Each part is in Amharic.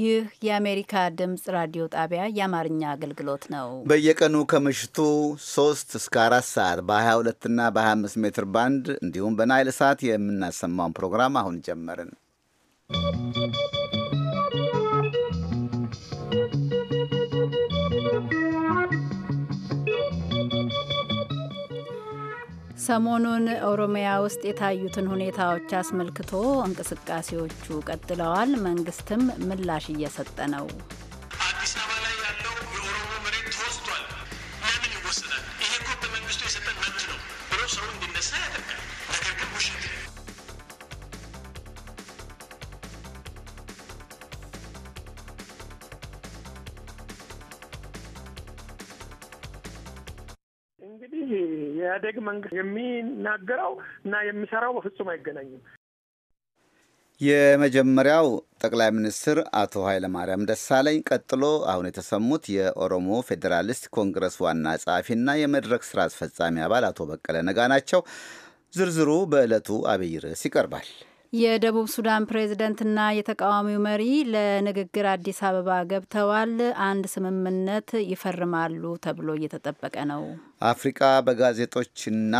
ይህ የአሜሪካ ድምፅ ራዲዮ ጣቢያ የአማርኛ አገልግሎት ነው። በየቀኑ ከምሽቱ 3 እስከ 4 ሰዓት በ22 እና በ25 ሜትር ባንድ እንዲሁም በናይል ሰዓት የምናሰማውን ፕሮግራም አሁን ጀመርን። ሰሞኑን ኦሮሚያ ውስጥ የታዩትን ሁኔታዎች አስመልክቶ እንቅስቃሴዎቹ ቀጥለዋል። መንግስትም ምላሽ እየሰጠ ነው። የኢህአዴግ መንግስት የሚናገረው እና የሚሰራው በፍጹም አይገናኝም። የመጀመሪያው ጠቅላይ ሚኒስትር አቶ ኃይለማርያም ደሳለኝ፣ ቀጥሎ አሁን የተሰሙት የኦሮሞ ፌዴራሊስት ኮንግረስ ዋና ጸሐፊና የመድረክ ስራ አስፈጻሚ አባል አቶ በቀለ ነጋ ናቸው። ዝርዝሩ በዕለቱ አብይ ርዕስ ይቀርባል። የደቡብ ሱዳን ፕሬዝደንትና የተቃዋሚው መሪ ለንግግር አዲስ አበባ ገብተዋል። አንድ ስምምነት ይፈርማሉ ተብሎ እየተጠበቀ ነው። አፍሪቃ በጋዜጦችና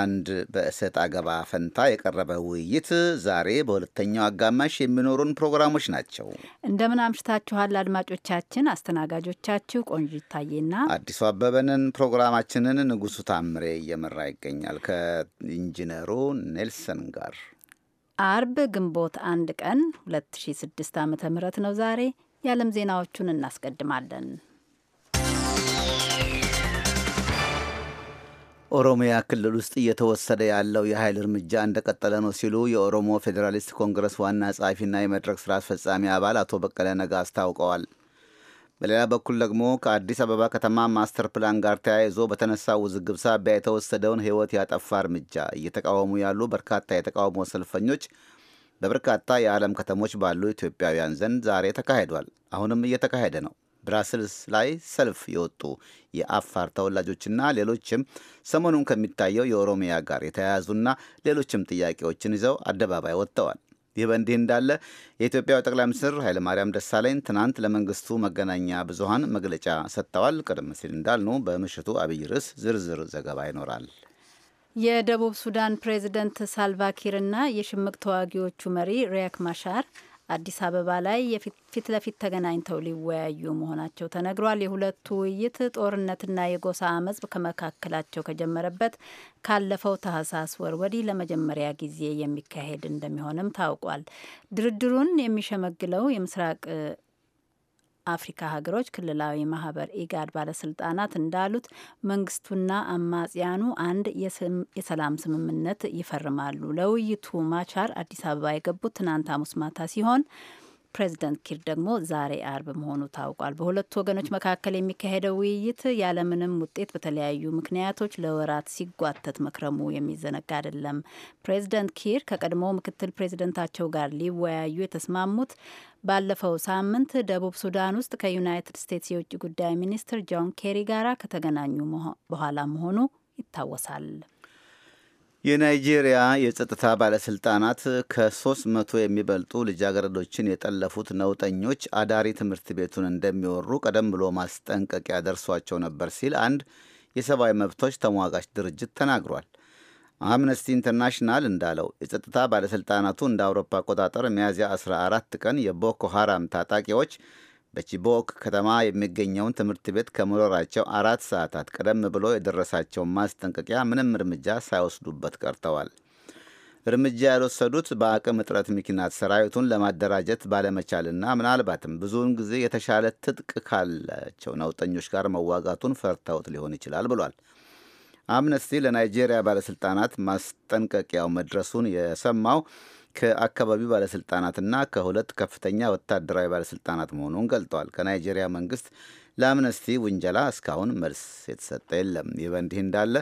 አንድ በእሰጥ አገባ ፈንታ የቀረበ ውይይት ዛሬ በሁለተኛው አጋማሽ የሚኖሩን ፕሮግራሞች ናቸው። እንደምን አምሽታችኋል አድማጮቻችን። አስተናጋጆቻችሁ ቆንጆ ይታየና አዲሱ አበበንን። ፕሮግራማችንን ንጉሱ ታምሬ እየመራ ይገኛል ከኢንጂነሩ ኔልሰን ጋር አርብ ግንቦት አንድ ቀን 2006 ዓ ም ነው ዛሬ። የዓለም ዜናዎቹን እናስቀድማለን። ኦሮሚያ ክልል ውስጥ እየተወሰደ ያለው የኃይል እርምጃ እንደቀጠለ ነው ሲሉ የኦሮሞ ፌዴራሊስት ኮንግረስ ዋና ጸሐፊና የመድረክ ስራ አስፈጻሚ አባል አቶ በቀለ ነጋ አስታውቀዋል። በሌላ በኩል ደግሞ ከአዲስ አበባ ከተማ ማስተር ፕላን ጋር ተያይዞ በተነሳ ውዝግብ ሳቢያ የተወሰደውን ሕይወት ያጠፋ እርምጃ እየተቃወሙ ያሉ በርካታ የተቃውሞ ሰልፈኞች በበርካታ የዓለም ከተሞች ባሉ ኢትዮጵያውያን ዘንድ ዛሬ ተካሂዷል። አሁንም እየተካሄደ ነው። ብራስልስ ላይ ሰልፍ የወጡ የአፋር ተወላጆችና ሌሎችም ሰሞኑን ከሚታየው የኦሮሚያ ጋር የተያያዙና ሌሎችም ጥያቄዎችን ይዘው አደባባይ ወጥተዋል። ይህ በእንዲህ እንዳለ የኢትዮጵያው ጠቅላይ ሚኒስትር ኃይለማርያም ደሳለኝ ትናንት ለመንግስቱ መገናኛ ብዙሀን መግለጫ ሰጥተዋል። ቀደም ሲል እንዳልነው በምሽቱ አብይ ርዕስ ዝርዝር ዘገባ ይኖራል። የደቡብ ሱዳን ፕሬዚደንት ሳልቫኪርና የሽምቅ ተዋጊዎቹ መሪ ሪያክ ማሻር አዲስ አበባ ላይ ፊት ለፊት ተገናኝተው ሊወያዩ መሆናቸው ተነግሯል። የሁለቱ ውይይት ጦርነትና የጎሳ አመጽ ከመካከላቸው ከጀመረበት ካለፈው ታህሳስ ወር ወዲህ ለመጀመሪያ ጊዜ የሚካሄድ እንደሚሆንም ታውቋል። ድርድሩን የሚሸመግለው የምስራቅ አፍሪካ ሀገሮች ክልላዊ ማህበር ኢጋድ ባለስልጣናት እንዳሉት መንግስቱና አማጽያኑ አንድ የሰላም ስምምነት ይፈርማሉ። ለውይይቱ ማቻር አዲስ አበባ የገቡት ትናንት ሐሙስ ማታ ሲሆን ፕሬዚደንት ኪር ደግሞ ዛሬ አርብ መሆኑ ታውቋል። በሁለቱ ወገኖች መካከል የሚካሄደው ውይይት ያለምንም ውጤት በተለያዩ ምክንያቶች ለወራት ሲጓተት መክረሙ የሚዘነጋ አይደለም። ፕሬዚደንት ኪር ከቀድሞ ምክትል ፕሬዚደንታቸው ጋር ሊወያዩ የተስማሙት ባለፈው ሳምንት ደቡብ ሱዳን ውስጥ ከዩናይትድ ስቴትስ የውጭ ጉዳይ ሚኒስትር ጆን ኬሪ ጋራ ከተገናኙ በኋላ መሆኑ ይታወሳል። የናይጄሪያ የጸጥታ ባለስልጣናት ከ300 የሚበልጡ ልጃገረዶችን የጠለፉት ነውጠኞች አዳሪ ትምህርት ቤቱን እንደሚወሩ ቀደም ብሎ ማስጠንቀቂያ ደርሷቸው ነበር ሲል አንድ የሰብአዊ መብቶች ተሟጋች ድርጅት ተናግሯል። አምነስቲ ኢንተርናሽናል እንዳለው የጸጥታ ባለስልጣናቱ እንደ አውሮፓ አቆጣጠር ሚያዝያ 14 ቀን የቦኮ ሐራም ታጣቂዎች በቺቦክ ከተማ የሚገኘውን ትምህርት ቤት ከመኖራቸው አራት ሰዓታት ቀደም ብሎ የደረሳቸውን ማስጠንቀቂያ ምንም እርምጃ ሳይወስዱበት ቀርተዋል። እርምጃ ያልወሰዱት በአቅም እጥረት ምክንያት ሰራዊቱን ለማደራጀት ባለመቻልና ምናልባትም ብዙውን ጊዜ የተሻለ ትጥቅ ካላቸው ነውጠኞች ጋር መዋጋቱን ፈርተውት ሊሆን ይችላል ብሏል። አምነስቲ ለናይጄሪያ ባለሥልጣናት ማስጠንቀቂያው መድረሱን የሰማው ከአካባቢው ባለስልጣናትና ከሁለት ከፍተኛ ወታደራዊ ባለስልጣናት መሆኑን ገልጠዋል። ከናይጄሪያ መንግስት ለአምነስቲ ውንጀላ እስካሁን መልስ የተሰጠ የለም። ይህ በእንዲህ እንዳለ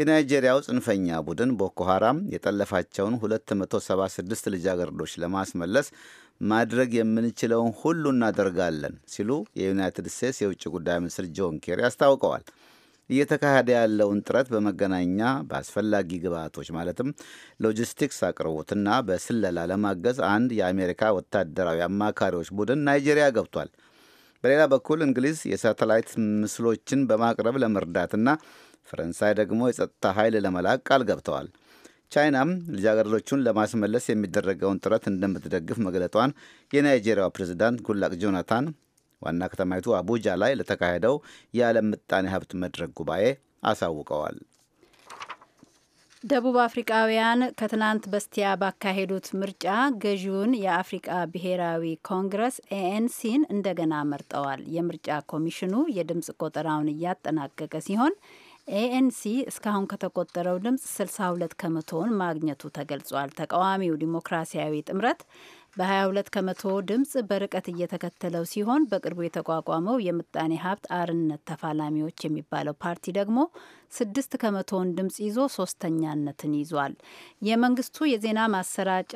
የናይጄሪያው ጽንፈኛ ቡድን ቦኮ ሃራም የጠለፋቸውን 276 ልጃገረዶች ለማስመለስ ማድረግ የምንችለውን ሁሉ እናደርጋለን ሲሉ የዩናይትድ ስቴትስ የውጭ ጉዳይ ሚኒስትር ጆን ኬሪ አስታውቀዋል። እየተካሄደ ያለውን ጥረት በመገናኛ በአስፈላጊ ግብአቶች ማለትም ሎጂስቲክስ አቅርቦትና በስለላ ለማገዝ አንድ የአሜሪካ ወታደራዊ አማካሪዎች ቡድን ናይጄሪያ ገብቷል። በሌላ በኩል እንግሊዝ የሳተላይት ምስሎችን በማቅረብ ለመርዳትና ፈረንሳይ ደግሞ የጸጥታ ኃይል ለመላክ ቃል ገብተዋል። ቻይናም ልጃገረዶቹን ለማስመለስ የሚደረገውን ጥረት እንደምትደግፍ መግለጧን የናይጄሪያው ፕሬዝዳንት ጉላቅ ጆናታን ዋና ከተማይቱ አቡጃ ላይ ለተካሄደው የዓለም ምጣኔ ሀብት መድረክ ጉባኤ አሳውቀዋል። ደቡብ አፍሪቃውያን ከትናንት በስቲያ ባካሄዱት ምርጫ ገዢውን የአፍሪቃ ብሔራዊ ኮንግረስ ኤኤንሲን እንደገና መርጠዋል። የምርጫ ኮሚሽኑ የድምፅ ቆጠራውን እያጠናቀቀ ሲሆን ኤኤንሲ እስካሁን ከተቆጠረው ድምፅ 62 ከመቶውን ማግኘቱ ተገልጿል። ተቃዋሚው ዲሞክራሲያዊ ጥምረት በ22 ከመቶ ድምፅ በርቀት እየተከተለው ሲሆን በቅርቡ የተቋቋመው የምጣኔ ሀብት አርነት ተፋላሚዎች የሚባለው ፓርቲ ደግሞ ስድስት ከመቶውን ድምፅ ይዞ ሶስተኛነትን ይዟል። የመንግስቱ የዜና ማሰራጫ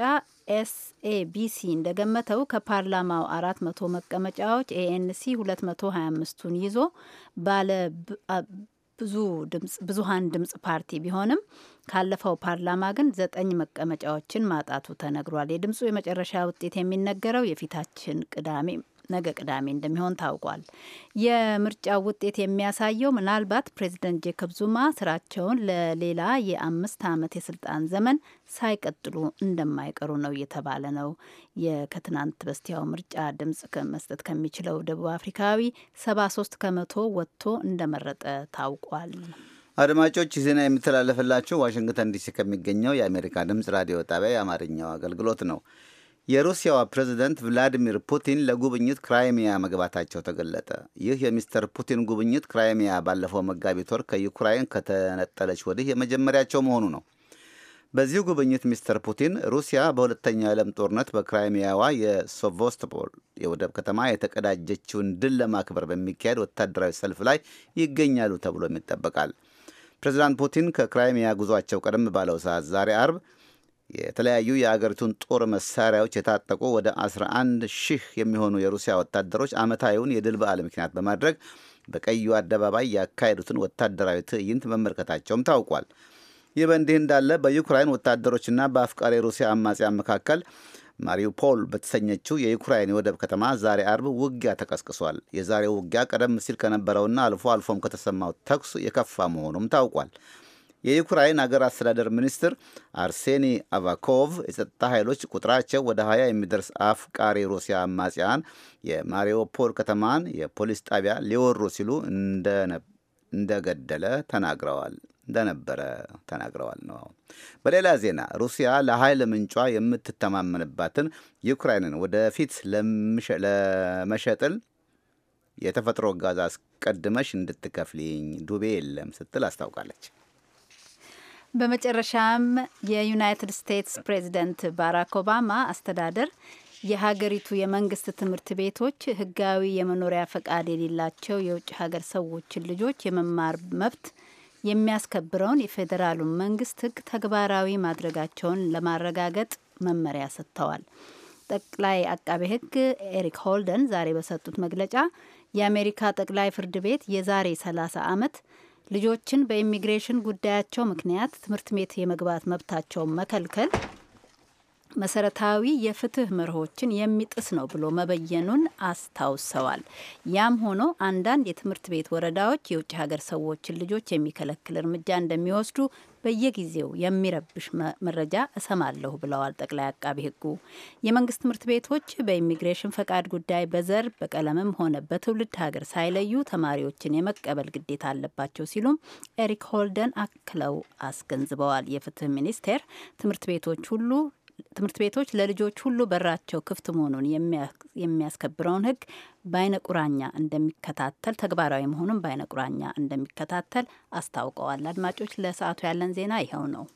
ኤስኤቢሲ እንደገመተው ከፓርላማው አራት መቶ መቀመጫዎች ኤኤንሲ 225ቱን ይዞ ባለ ብዙ ድምጽ ብዙሀን ድምጽ ፓርቲ ቢሆንም ካለፈው ፓርላማ ግን ዘጠኝ መቀመጫዎችን ማጣቱ ተነግሯል። የድምፁ የመጨረሻ ውጤት የሚነገረው የፊታችን ቅዳሜ ነገ ቅዳሜ እንደሚሆን ታውቋል። የምርጫው ውጤት የሚያሳየው ምናልባት ፕሬዚደንት ጄኮብ ዙማ ስራቸውን ለሌላ የአምስት ዓመት የስልጣን ዘመን ሳይቀጥሉ እንደማይቀሩ ነው እየተባለ ነው። የከትናንት በስቲያው ምርጫ ድምጽ መስጠት ከሚችለው ደቡብ አፍሪካዊ 73 ከመቶ ወጥቶ እንደመረጠ ታውቋል። አድማጮች ዜና የሚተላለፍላችሁ ዋሽንግተን ዲሲ ከሚገኘው የአሜሪካ ድምፅ ራዲዮ ጣቢያ የአማርኛው አገልግሎት ነው። የሩሲያዋ ፕሬዝደንት ቭላዲሚር ፑቲን ለጉብኝት ክራይሚያ መግባታቸው ተገለጠ። ይህ የሚስተር ፑቲን ጉብኝት ክራይሚያ ባለፈው መጋቢት ወር ከዩክራይን ከተነጠለች ወዲህ የመጀመሪያቸው መሆኑ ነው። በዚሁ ጉብኝት ሚስተር ፑቲን ሩሲያ በሁለተኛው የዓለም ጦርነት በክራይሚያዋ የሴቫስቶፖል የወደብ ከተማ የተቀዳጀችውን ድል ለማክበር በሚካሄድ ወታደራዊ ሰልፍ ላይ ይገኛሉ ተብሎም ይጠበቃል። ፕሬዚዳንት ፑቲን ከክራይሚያ ጉዟቸው ቀደም ባለው ሰዓት ዛሬ አርብ የተለያዩ የአገሪቱን ጦር መሳሪያዎች የታጠቁ ወደ 11 ሺህ የሚሆኑ የሩሲያ ወታደሮች ዓመታዊውን የድል በዓል ምክንያት በማድረግ በቀዩ አደባባይ ያካሄዱትን ወታደራዊ ትዕይንት መመልከታቸውም ታውቋል። ይህ በእንዲህ እንዳለ በዩክራይን ወታደሮችና በአፍቃሪ ሩሲያ አማጽያን መካከል ማሪውፖል በተሰኘችው የዩክራይን የወደብ ከተማ ዛሬ አርብ ውጊያ ተቀስቅሷል። የዛሬው ውጊያ ቀደም ሲል ከነበረውና አልፎ አልፎም ከተሰማው ተኩስ የከፋ መሆኑም ታውቋል። የዩክራይን አገር አስተዳደር ሚኒስትር አርሴኒ አቫኮቭ የጸጥታ ኃይሎች ቁጥራቸው ወደ ሀያ የሚደርስ አፍቃሪ ሩሲያ አማጽያን የማሪዮፖል ከተማን የፖሊስ ጣቢያ ሊወሩ ሲሉ እንደገደለ ተናግረዋል እንደነበረ ተናግረዋል ነው። በሌላ ዜና ሩሲያ ለኃይል ምንጯ የምትተማመንባትን ዩክራይንን ወደፊት ለመሸጥል የተፈጥሮ ጋዝ አስቀድመሽ እንድትከፍልኝ ዱቤ የለም ስትል አስታውቃለች። በመጨረሻም የዩናይትድ ስቴትስ ፕሬዚደንት ባራክ ኦባማ አስተዳደር የሀገሪቱ የመንግስት ትምህርት ቤቶች ህጋዊ የመኖሪያ ፈቃድ የሌላቸው የውጭ ሀገር ሰዎችን ልጆች የመማር መብት የሚያስከብረውን የፌዴራሉን መንግስት ህግ ተግባራዊ ማድረጋቸውን ለማረጋገጥ መመሪያ ሰጥተዋል። ጠቅላይ አቃቤ ህግ ኤሪክ ሆልደን ዛሬ በሰጡት መግለጫ የአሜሪካ ጠቅላይ ፍርድ ቤት የዛሬ 30 ዓመት ልጆችን በኢሚግሬሽን ጉዳያቸው ምክንያት ትምህርት ቤት የመግባት መብታቸውን መከልከል መሰረታዊ የፍትህ መርሆችን የሚጥስ ነው ብሎ መበየኑን አስታውሰዋል። ያም ሆኖ አንዳንድ የትምህርት ቤት ወረዳዎች የውጭ ሀገር ሰዎችን ልጆች የሚከለክል እርምጃ እንደሚወስዱ በየጊዜው የሚረብሽ መረጃ እሰማለሁ ብለዋል ጠቅላይ አቃቢ ሕጉ የመንግስት ትምህርት ቤቶች በኢሚግሬሽን ፈቃድ ጉዳይ በዘር በቀለምም ሆነ በትውልድ ሀገር ሳይለዩ ተማሪዎችን የመቀበል ግዴታ አለባቸው ሲሉም ኤሪክ ሆልደን አክለው አስገንዝበዋል። የፍትህ ሚኒስቴር ትምህርት ቤቶች ሁሉ ትምህርት ቤቶች ለልጆች ሁሉ በራቸው ክፍት መሆኑን የሚያስከብረውን ህግ በአይነ ቁራኛ እንደሚከታተል ተግባራዊ መሆኑን በአይነ ቁራኛ እንደሚከታተል አስታውቀዋል። አድማጮች፣ ለሰዓቱ ያለን ዜና ይኸው ነው።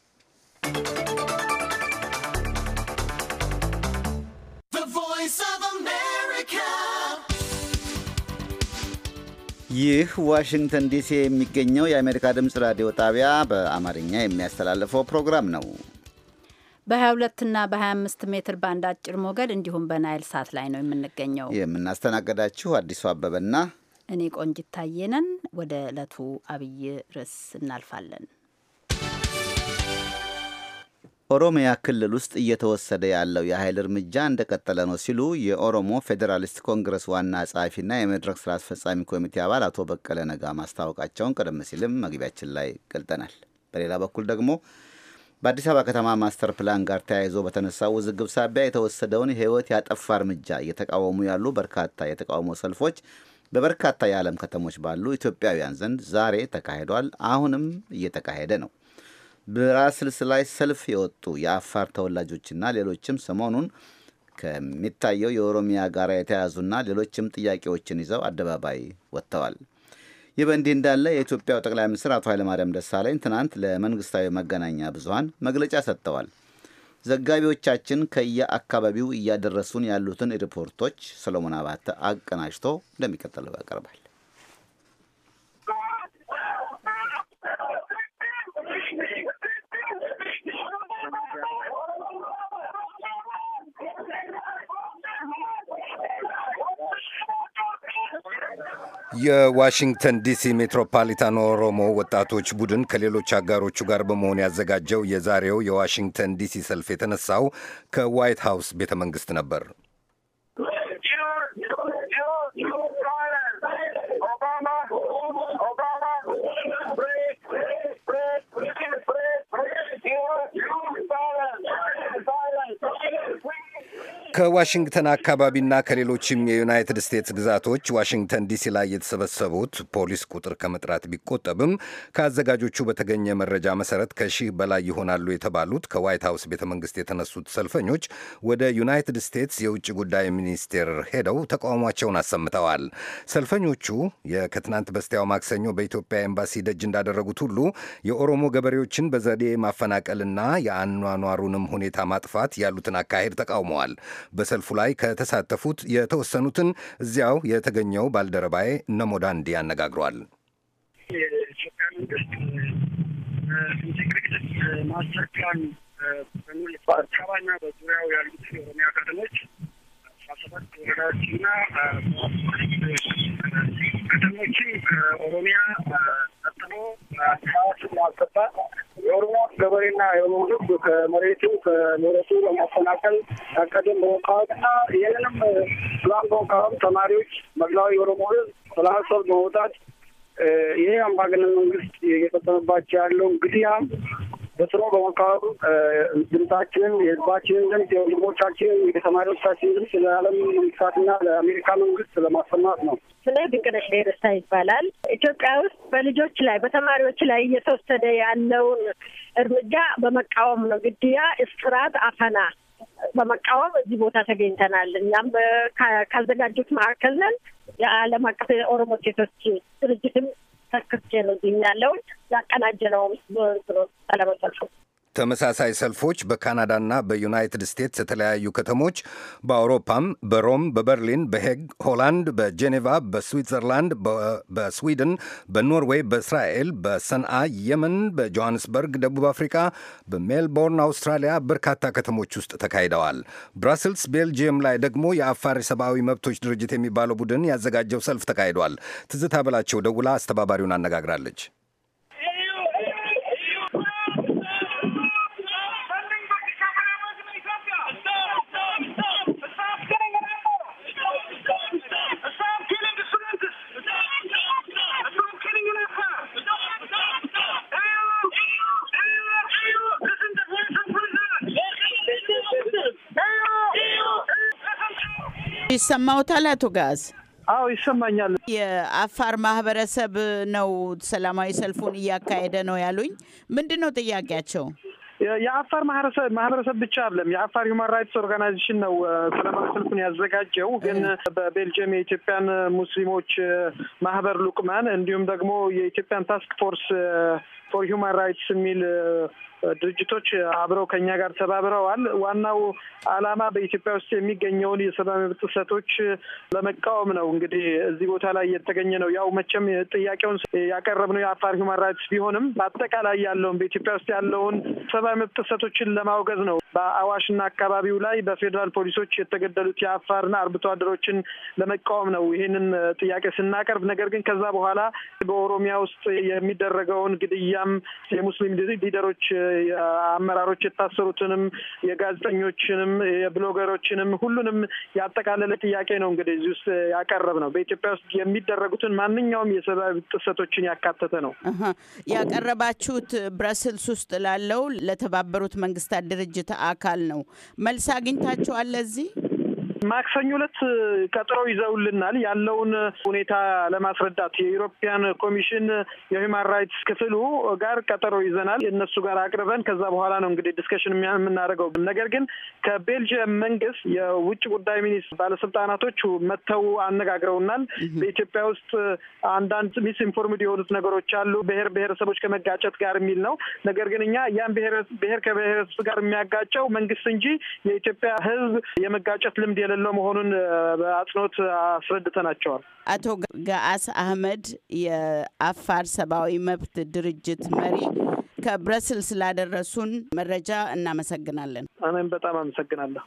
ይህ ዋሽንግተን ዲሲ የሚገኘው የአሜሪካ ድምፅ ራዲዮ ጣቢያ በአማርኛ የሚያስተላልፈው ፕሮግራም ነው። በ22 እና በ25 ሜትር ባንድ አጭር ሞገድ እንዲሁም በናይል ሳት ላይ ነው የምንገኘው። የምናስተናገዳችሁ አዲሱ አበበና እኔ ቆንጂት ታየነን። ወደ ዕለቱ አብይ ርዕስ እናልፋለን። ኦሮሚያ ክልል ውስጥ እየተወሰደ ያለው የኃይል እርምጃ እንደቀጠለ ነው ሲሉ የኦሮሞ ፌዴራሊስት ኮንግረስ ዋና ጸሐፊና የመድረክ ስራ አስፈጻሚ ኮሚቴ አባል አቶ በቀለ ነጋ ማስታወቃቸውን ቀደም ሲልም መግቢያችን ላይ ገልጠናል። በሌላ በኩል ደግሞ በአዲስ አበባ ከተማ ማስተር ፕላን ጋር ተያይዞ በተነሳው ውዝግብ ሳቢያ የተወሰደውን ሕይወት ያጠፋ እርምጃ እየተቃወሙ ያሉ በርካታ የተቃውሞ ሰልፎች በበርካታ የዓለም ከተሞች ባሉ ኢትዮጵያውያን ዘንድ ዛሬ ተካሂዷል። አሁንም እየተካሄደ ነው። ብራስልስ ላይ ሰልፍ የወጡ የአፋር ተወላጆችና ሌሎችም ሰሞኑን ከሚታየው የኦሮሚያ ጋር የተያያዙና ሌሎችም ጥያቄዎችን ይዘው አደባባይ ወጥተዋል። ይህ በእንዲህ እንዳለ የኢትዮጵያው ጠቅላይ ሚኒስትር አቶ ኃይለማርያም ደሳለኝ ትናንት ለመንግስታዊ መገናኛ ብዙሀን መግለጫ ሰጥተዋል። ዘጋቢዎቻችን ከየአካባቢው እያደረሱን ያሉትን ሪፖርቶች ሰሎሞን አባተ አቀናጅቶ እንደሚከተለው ያቀርባል። የዋሽንግተን ዲሲ ሜትሮፖሊታን ኦሮሞ ወጣቶች ቡድን ከሌሎች አጋሮቹ ጋር በመሆን ያዘጋጀው የዛሬው የዋሽንግተን ዲሲ ሰልፍ የተነሳው ከዋይት ሃውስ ቤተ መንግስት ነበር። ከዋሽንግተን አካባቢና ከሌሎችም የዩናይትድ ስቴትስ ግዛቶች ዋሽንግተን ዲሲ ላይ የተሰበሰቡት ፖሊስ ቁጥር ከመጥራት ቢቆጠብም ከአዘጋጆቹ በተገኘ መረጃ መሰረት ከሺህ በላይ ይሆናሉ የተባሉት ከዋይት ሀውስ ቤተ መንግስት የተነሱት ሰልፈኞች ወደ ዩናይትድ ስቴትስ የውጭ ጉዳይ ሚኒስቴር ሄደው ተቃውሟቸውን አሰምተዋል። ሰልፈኞቹ የከትናንት በስቲያው ማክሰኞ በኢትዮጵያ ኤምባሲ ደጅ እንዳደረጉት ሁሉ የኦሮሞ ገበሬዎችን በዘዴ ማፈናቀልና የአኗኗሩንም ሁኔታ ማጥፋት ያሉትን አካሄድ ተቃውመዋል። በሰልፉ ላይ ከተሳተፉት የተወሰኑትን እዚያው የተገኘው ባልደረባዬ ነሞዳ እንዲህ አነጋግሯል። የኢትዮጵያ መንግስት ኢንቴግሬትድ ማስተር ፕላን በዙሪያው ያሉት የኦሮሚያ ከተሞች አስራ ሰባት ወረዳዎችና ከተሞችን ኦሮሚያ አጥሎ አዲስ አበባ ስናስገባ የኦሮሞ ገበሬና የኦሮሞ ሕዝብ ከመሬቱ ከኖረቱ ለማፈናቀል ታቀደም በወቃወትና ይህንንም ፕላን በወቃወም ተማሪዎች፣ መላው የኦሮሞ ሕዝብ ሰላማዊ በመውጣት ይህ አምባገነን መንግስት እየፈጸመባቸው ያለው እንግዲያም በስሮ በመካሩ ድምጻችን የህዝባችንን ድምፅ የወንድሞቻችን የተማሪዎቻችን ድምፅ ለዓለም መንግስታትና ለአሜሪካ መንግስት ለማሰማት ነው። ስለ ድንቅነሽ ደስታ ይባላል። ኢትዮጵያ ውስጥ በልጆች ላይ በተማሪዎች ላይ እየተወሰደ ያለውን እርምጃ በመቃወም ነው። ግድያ፣ እስራት፣ አፈና በመቃወም እዚህ ቦታ ተገኝተናል። እኛም ካዘጋጁት መካከል ነን። የዓለም አቀፍ የኦሮሞ ሴቶች ድርጅትም ተክቼ ነው ያለውን ያቀናጀ ነው ለመጠልፉ ተመሳሳይ ሰልፎች በካናዳና በዩናይትድ ስቴትስ የተለያዩ ከተሞች በአውሮፓም በሮም፣ በበርሊን፣ በሄግ፣ ሆላንድ፣ በጄኔቫ፣ በስዊትዘርላንድ፣ በስዊድን፣ በኖርዌይ፣ በእስራኤል፣ በሰንአ የመን፣ በጆሃንስበርግ ደቡብ አፍሪካ፣ በሜልቦርን አውስትራሊያ በርካታ ከተሞች ውስጥ ተካሂደዋል። ብራስልስ ቤልጅየም ላይ ደግሞ የአፋር ሰብአዊ መብቶች ድርጅት የሚባለው ቡድን ያዘጋጀው ሰልፍ ተካሂዷል። ትዝታ በላቸው ደውላ አስተባባሪውን አነጋግራለች። ይሰማውታል አቶ ጋዝ? አዎ ይሰማኛል። የአፋር ማህበረሰብ ነው ሰላማዊ ሰልፉን እያካሄደ ነው ያሉኝ። ምንድን ነው ጥያቄያቸው? የአፋር ማህበረሰብ ብቻ አይደለም። የአፋር ሁማን ራይትስ ኦርጋናይዜሽን ነው ሰላማዊ ሰልፉን ያዘጋጀው። ግን በቤልጅየም የኢትዮጵያን ሙስሊሞች ማህበር ሉቅማን እንዲሁም ደግሞ የኢትዮጵያን ታስክ ፎርስ ፎር ሁማን ራይትስ የሚል ድርጅቶች አብረው ከኛ ጋር ተባብረዋል። ዋናው ዓላማ በኢትዮጵያ ውስጥ የሚገኘውን የሰብአዊ መብት ጥሰቶች ለመቃወም ነው። እንግዲህ እዚህ ቦታ ላይ የተገኘ ነው። ያው መቼም ጥያቄውን ያቀረብነው የአፋር ሂውማን ራይትስ ቢሆንም በአጠቃላይ ያለውን በኢትዮጵያ ውስጥ ያለውን ሰብአዊ መብት ጥሰቶችን ለማውገዝ ነው። በአዋሽና አካባቢው ላይ በፌዴራል ፖሊሶች የተገደሉት የአፋርና አርብቶ አደሮችን ለመቃወም ነው ይህንን ጥያቄ ስናቀርብ። ነገር ግን ከዛ በኋላ በኦሮሚያ ውስጥ የሚደረገውን ግድያም የሙስሊም ሊደሮች አመራሮች የታሰሩትንም የጋዜጠኞችንም የብሎገሮችንም ሁሉንም ያጠቃለለ ጥያቄ ነው እንግዲህ እዚህ ውስጥ ያቀረብ ነው። በኢትዮጵያ ውስጥ የሚደረጉትን ማንኛውም የሰብአዊ ጥሰቶችን ያካተተ ነው ያቀረባችሁት። ብረስልስ ውስጥ ላለው ለተባበሩት መንግስታት ድርጅት አካል ነው መልስ አግኝታችኋል ለዚህ ማክሰኞ ዕለት ቀጠሮ ይዘውልናል። ያለውን ሁኔታ ለማስረዳት የኢሮፒያን ኮሚሽን የሁማን ራይትስ ክፍሉ ጋር ቀጠሮ ይዘናል። እነሱ ጋር አቅርበን ከዛ በኋላ ነው እንግዲህ ዲስከሽን የምናደርገው። ነገር ግን ከቤልጅየም መንግስት የውጭ ጉዳይ ሚኒስትር ባለስልጣናቶች መጥተው አነጋግረውናል። በኢትዮጵያ ውስጥ አንዳንድ ሚስ ኢንፎርምድ የሆኑት ነገሮች አሉ፣ ብሔር ብሔረሰቦች ከመጋጨት ጋር የሚል ነው። ነገር ግን እኛ ያን ብሔር ከብሔረሰብ ጋር የሚያጋጨው መንግስት እንጂ የኢትዮጵያ ሕዝብ የመጋጨት ልምድ የሌለው መሆኑን በአጽንኦት አስረድተናቸዋል። አቶ ገአስ አህመድ የአፋር ሰብአዊ መብት ድርጅት መሪ ከብረስልስ ስላደረሱን መረጃ እናመሰግናለን። እኔም በጣም አመሰግናለሁ።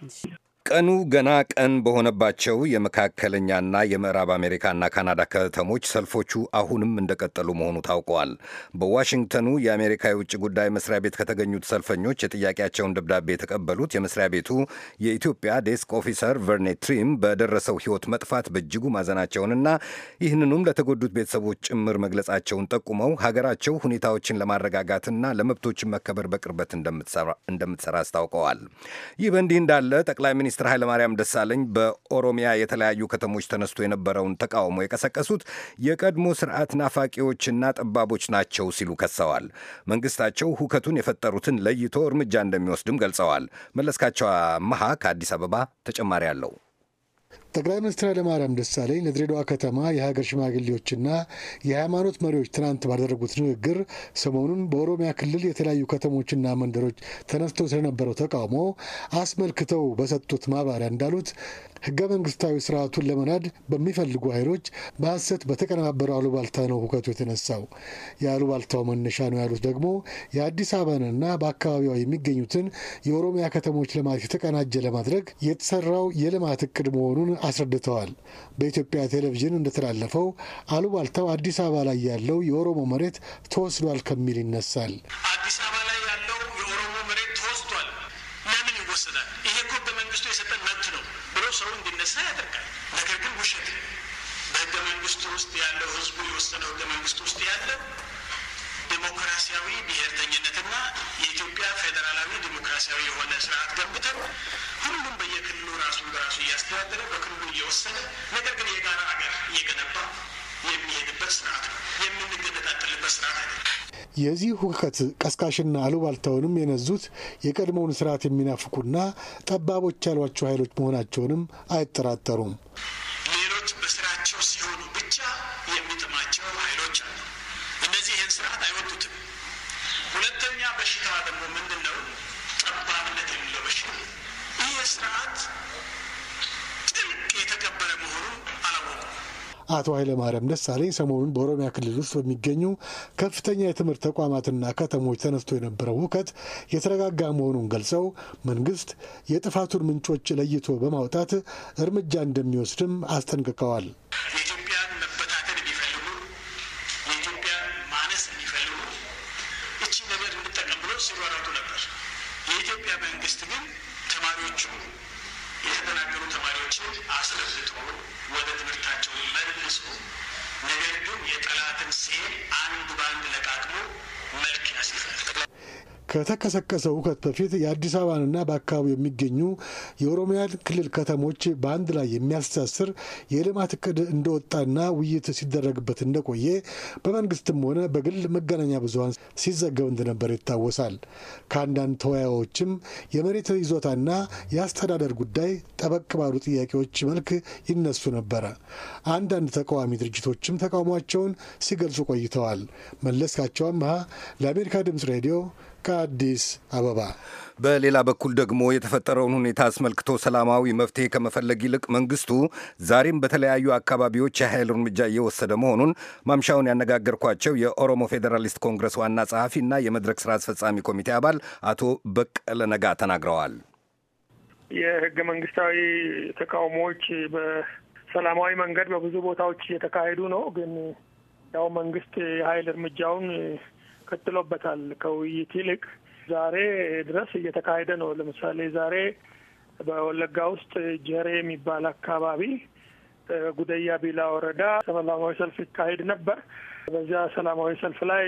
ቀኑ ገና ቀን በሆነባቸው የመካከለኛና የምዕራብ አሜሪካና ካናዳ ከተሞች ሰልፎቹ አሁንም እንደቀጠሉ መሆኑ ታውቀዋል። በዋሽንግተኑ የአሜሪካ የውጭ ጉዳይ መስሪያ ቤት ከተገኙት ሰልፈኞች የጥያቄያቸውን ደብዳቤ የተቀበሉት የመስሪያ ቤቱ የኢትዮጵያ ዴስክ ኦፊሰር ቨርኔ ትሪም በደረሰው ሕይወት መጥፋት በእጅጉ ማዘናቸውንና ይህንኑም ለተጎዱት ቤተሰቦች ጭምር መግለጻቸውን ጠቁመው ሀገራቸው ሁኔታዎችን ለማረጋጋትና ለመብቶችን መከበር በቅርበት እንደምትሰራ አስታውቀዋል። ይህ በእንዲህ እንዳለ ጠቅላይ ሚኒስትር ኃይለማርያም ደሳለኝ በኦሮሚያ የተለያዩ ከተሞች ተነስቶ የነበረውን ተቃውሞ የቀሰቀሱት የቀድሞ ስርዓት ናፋቂዎችና ጠባቦች ናቸው ሲሉ ከሰዋል። መንግስታቸው ሁከቱን የፈጠሩትን ለይቶ እርምጃ እንደሚወስድም ገልጸዋል። መለስካቸው አመሃ ከአዲስ አበባ ተጨማሪ አለው። ጠቅላይ ሚኒስትር ኃይለማርያም ደሳለኝ ለድሬዳዋ ከተማ የሀገር ሽማግሌዎችና የሃይማኖት መሪዎች ትናንት ባደረጉት ንግግር ሰሞኑን በኦሮሚያ ክልል የተለያዩ ከተሞችና መንደሮች ተነስቶ ስለነበረው ተቃውሞ አስመልክተው በሰጡት ማብራሪያ እንዳሉት ህገ መንግስታዊ ስርዓቱን ለመናድ በሚፈልጉ ኃይሎች በሐሰት በተቀነባበረው አሉባልታ ነው ሁከቱ የተነሳው። የአሉባልታው መነሻ ነው ያሉት ደግሞ የአዲስ አበባንና በአካባቢዋ የሚገኙትን የኦሮሚያ ከተሞች ልማት የተቀናጀ ለማድረግ የተሰራው የልማት እቅድ መሆኑን አስረድተዋል። በኢትዮጵያ ቴሌቪዥን እንደተላለፈው አሉባልታው አዲስ አበባ ላይ ያለው የኦሮሞ መሬት ተወስዷል ከሚል ይነሳል። የዚህ ሁከት ቀስቃሽና አሉባልታውንም የነዙት የቀድሞውን ስርዓት የሚናፍቁና ጠባቦች ያሏቸው ኃይሎች መሆናቸውንም አይጠራጠሩም። አቶ ኃይለማርያም ደሳለኝ ሰሞኑን በኦሮሚያ ክልል ውስጥ በሚገኙ ከፍተኛ የትምህርት ተቋማትና ከተሞች ተነስቶ የነበረው ሁከት የተረጋጋ መሆኑን ገልጸው መንግስት የጥፋቱን ምንጮች ለይቶ በማውጣት እርምጃ እንደሚወስድም አስጠንቅቀዋል። ሲሯሯጡ ነበር። የኢትዮጵያ መንግስት ግን ተማሪዎቹ የተናገሩ ተማሪዎችን አስረድቶ ወደ ትምህርታቸው መልሶ ነገር ግን የጠላትን ሴ አንድ በአንድ ለቃቅሞ መልክ ያስይዛል። ከተቀሰቀሰው ውከት በፊት የአዲስ አበባንና በአካባቢው የሚገኙ የኦሮሚያን ክልል ከተሞች በአንድ ላይ የሚያስተሳስር የልማት እቅድ እንደወጣና ውይይት ሲደረግበት እንደቆየ በመንግስትም ሆነ በግል መገናኛ ብዙሀን ሲዘገብ እንደነበር ይታወሳል። ከአንዳንድ ተወያዮችም የመሬት ይዞታና የአስተዳደር ጉዳይ ጠበቅ ባሉ ጥያቄዎች መልክ ይነሱ ነበረ። አንዳንድ ተቃዋሚ ድርጅቶችም ተቃውሟቸውን ሲገልጹ ቆይተዋል። መለስካቸው አምሃ ለአሜሪካ ድምፅ ሬዲዮ ከአዲስ አበባ። በሌላ በኩል ደግሞ የተፈጠረውን ሁኔታ አስመልክቶ ሰላማዊ መፍትሄ ከመፈለግ ይልቅ መንግስቱ ዛሬም በተለያዩ አካባቢዎች የኃይል እርምጃ እየወሰደ መሆኑን ማምሻውን ያነጋገርኳቸው የኦሮሞ ፌዴራሊስት ኮንግረስ ዋና እና የመድረክ ስራ አስፈጻሚ ኮሚቴ አባል አቶ በቀለ ነጋ ተናግረዋል። የህገ መንግስታዊ ተቃውሞዎች በሰላማዊ መንገድ በብዙ ቦታዎች እየተካሄዱ ነው። ግን ያው መንግስት የኃይል እርምጃውን ቀጥሎበታል። ከውይይት ይልቅ ዛሬ ድረስ እየተካሄደ ነው። ለምሳሌ ዛሬ በወለጋ ውስጥ ጀሬ የሚባል አካባቢ ጉደያ ቢላ ወረዳ ሰላማዊ ሰልፍ ይካሄድ ነበር። በዚያ ሰላማዊ ሰልፍ ላይ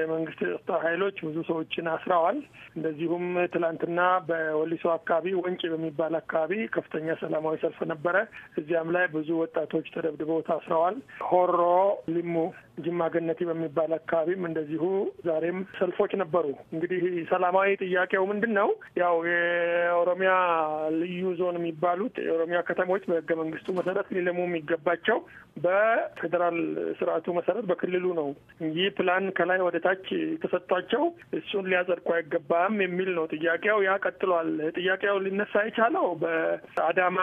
የመንግስት የጸጥታ ኃይሎች ብዙ ሰዎችን አስረዋል። እንደዚሁም ትላንትና በወሊሶ አካባቢ ወንጪ በሚባል አካባቢ ከፍተኛ ሰላማዊ ሰልፍ ነበረ። እዚያም ላይ ብዙ ወጣቶች ተደብድበው ታስረዋል። ሆሮ ሊሙ፣ ጅማ ገነቲ በሚባል አካባቢም እንደዚሁ ዛሬም ሰልፎች ነበሩ። እንግዲህ ሰላማዊ ጥያቄው ምንድን ነው? ያው የኦሮሚያ ልዩ ዞን የሚባሉት የኦሮሚያ ከተሞች በህገ መንግስቱ መሰረት ሊለሙ የሚገባቸው በፌዴራል ስርዓቱ መሰረት ከክልሉ ነው። ይህ ፕላን ከላይ ወደ ታች የተሰጧቸው እሱን ሊያጸድቁ አይገባም የሚል ነው ጥያቄው። ያ ቀጥሏል። ጥያቄው ሊነሳ የቻለው በአዳማ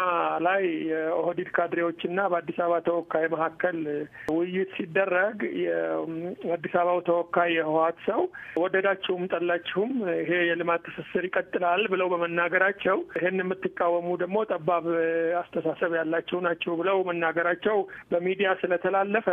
ላይ የኦህዲድ ካድሬዎችና በአዲስ አበባ ተወካይ መካከል ውይይት ሲደረግ የአዲስ አበባው ተወካይ የህወሓት ሰው ወደዳችሁም ጠላችሁም ይሄ የልማት ትስስር ይቀጥላል ብለው በመናገራቸው ይህን የምትቃወሙ ደግሞ ጠባብ አስተሳሰብ ያላቸው ናቸው ብለው መናገራቸው በሚዲያ ስለተላለፈ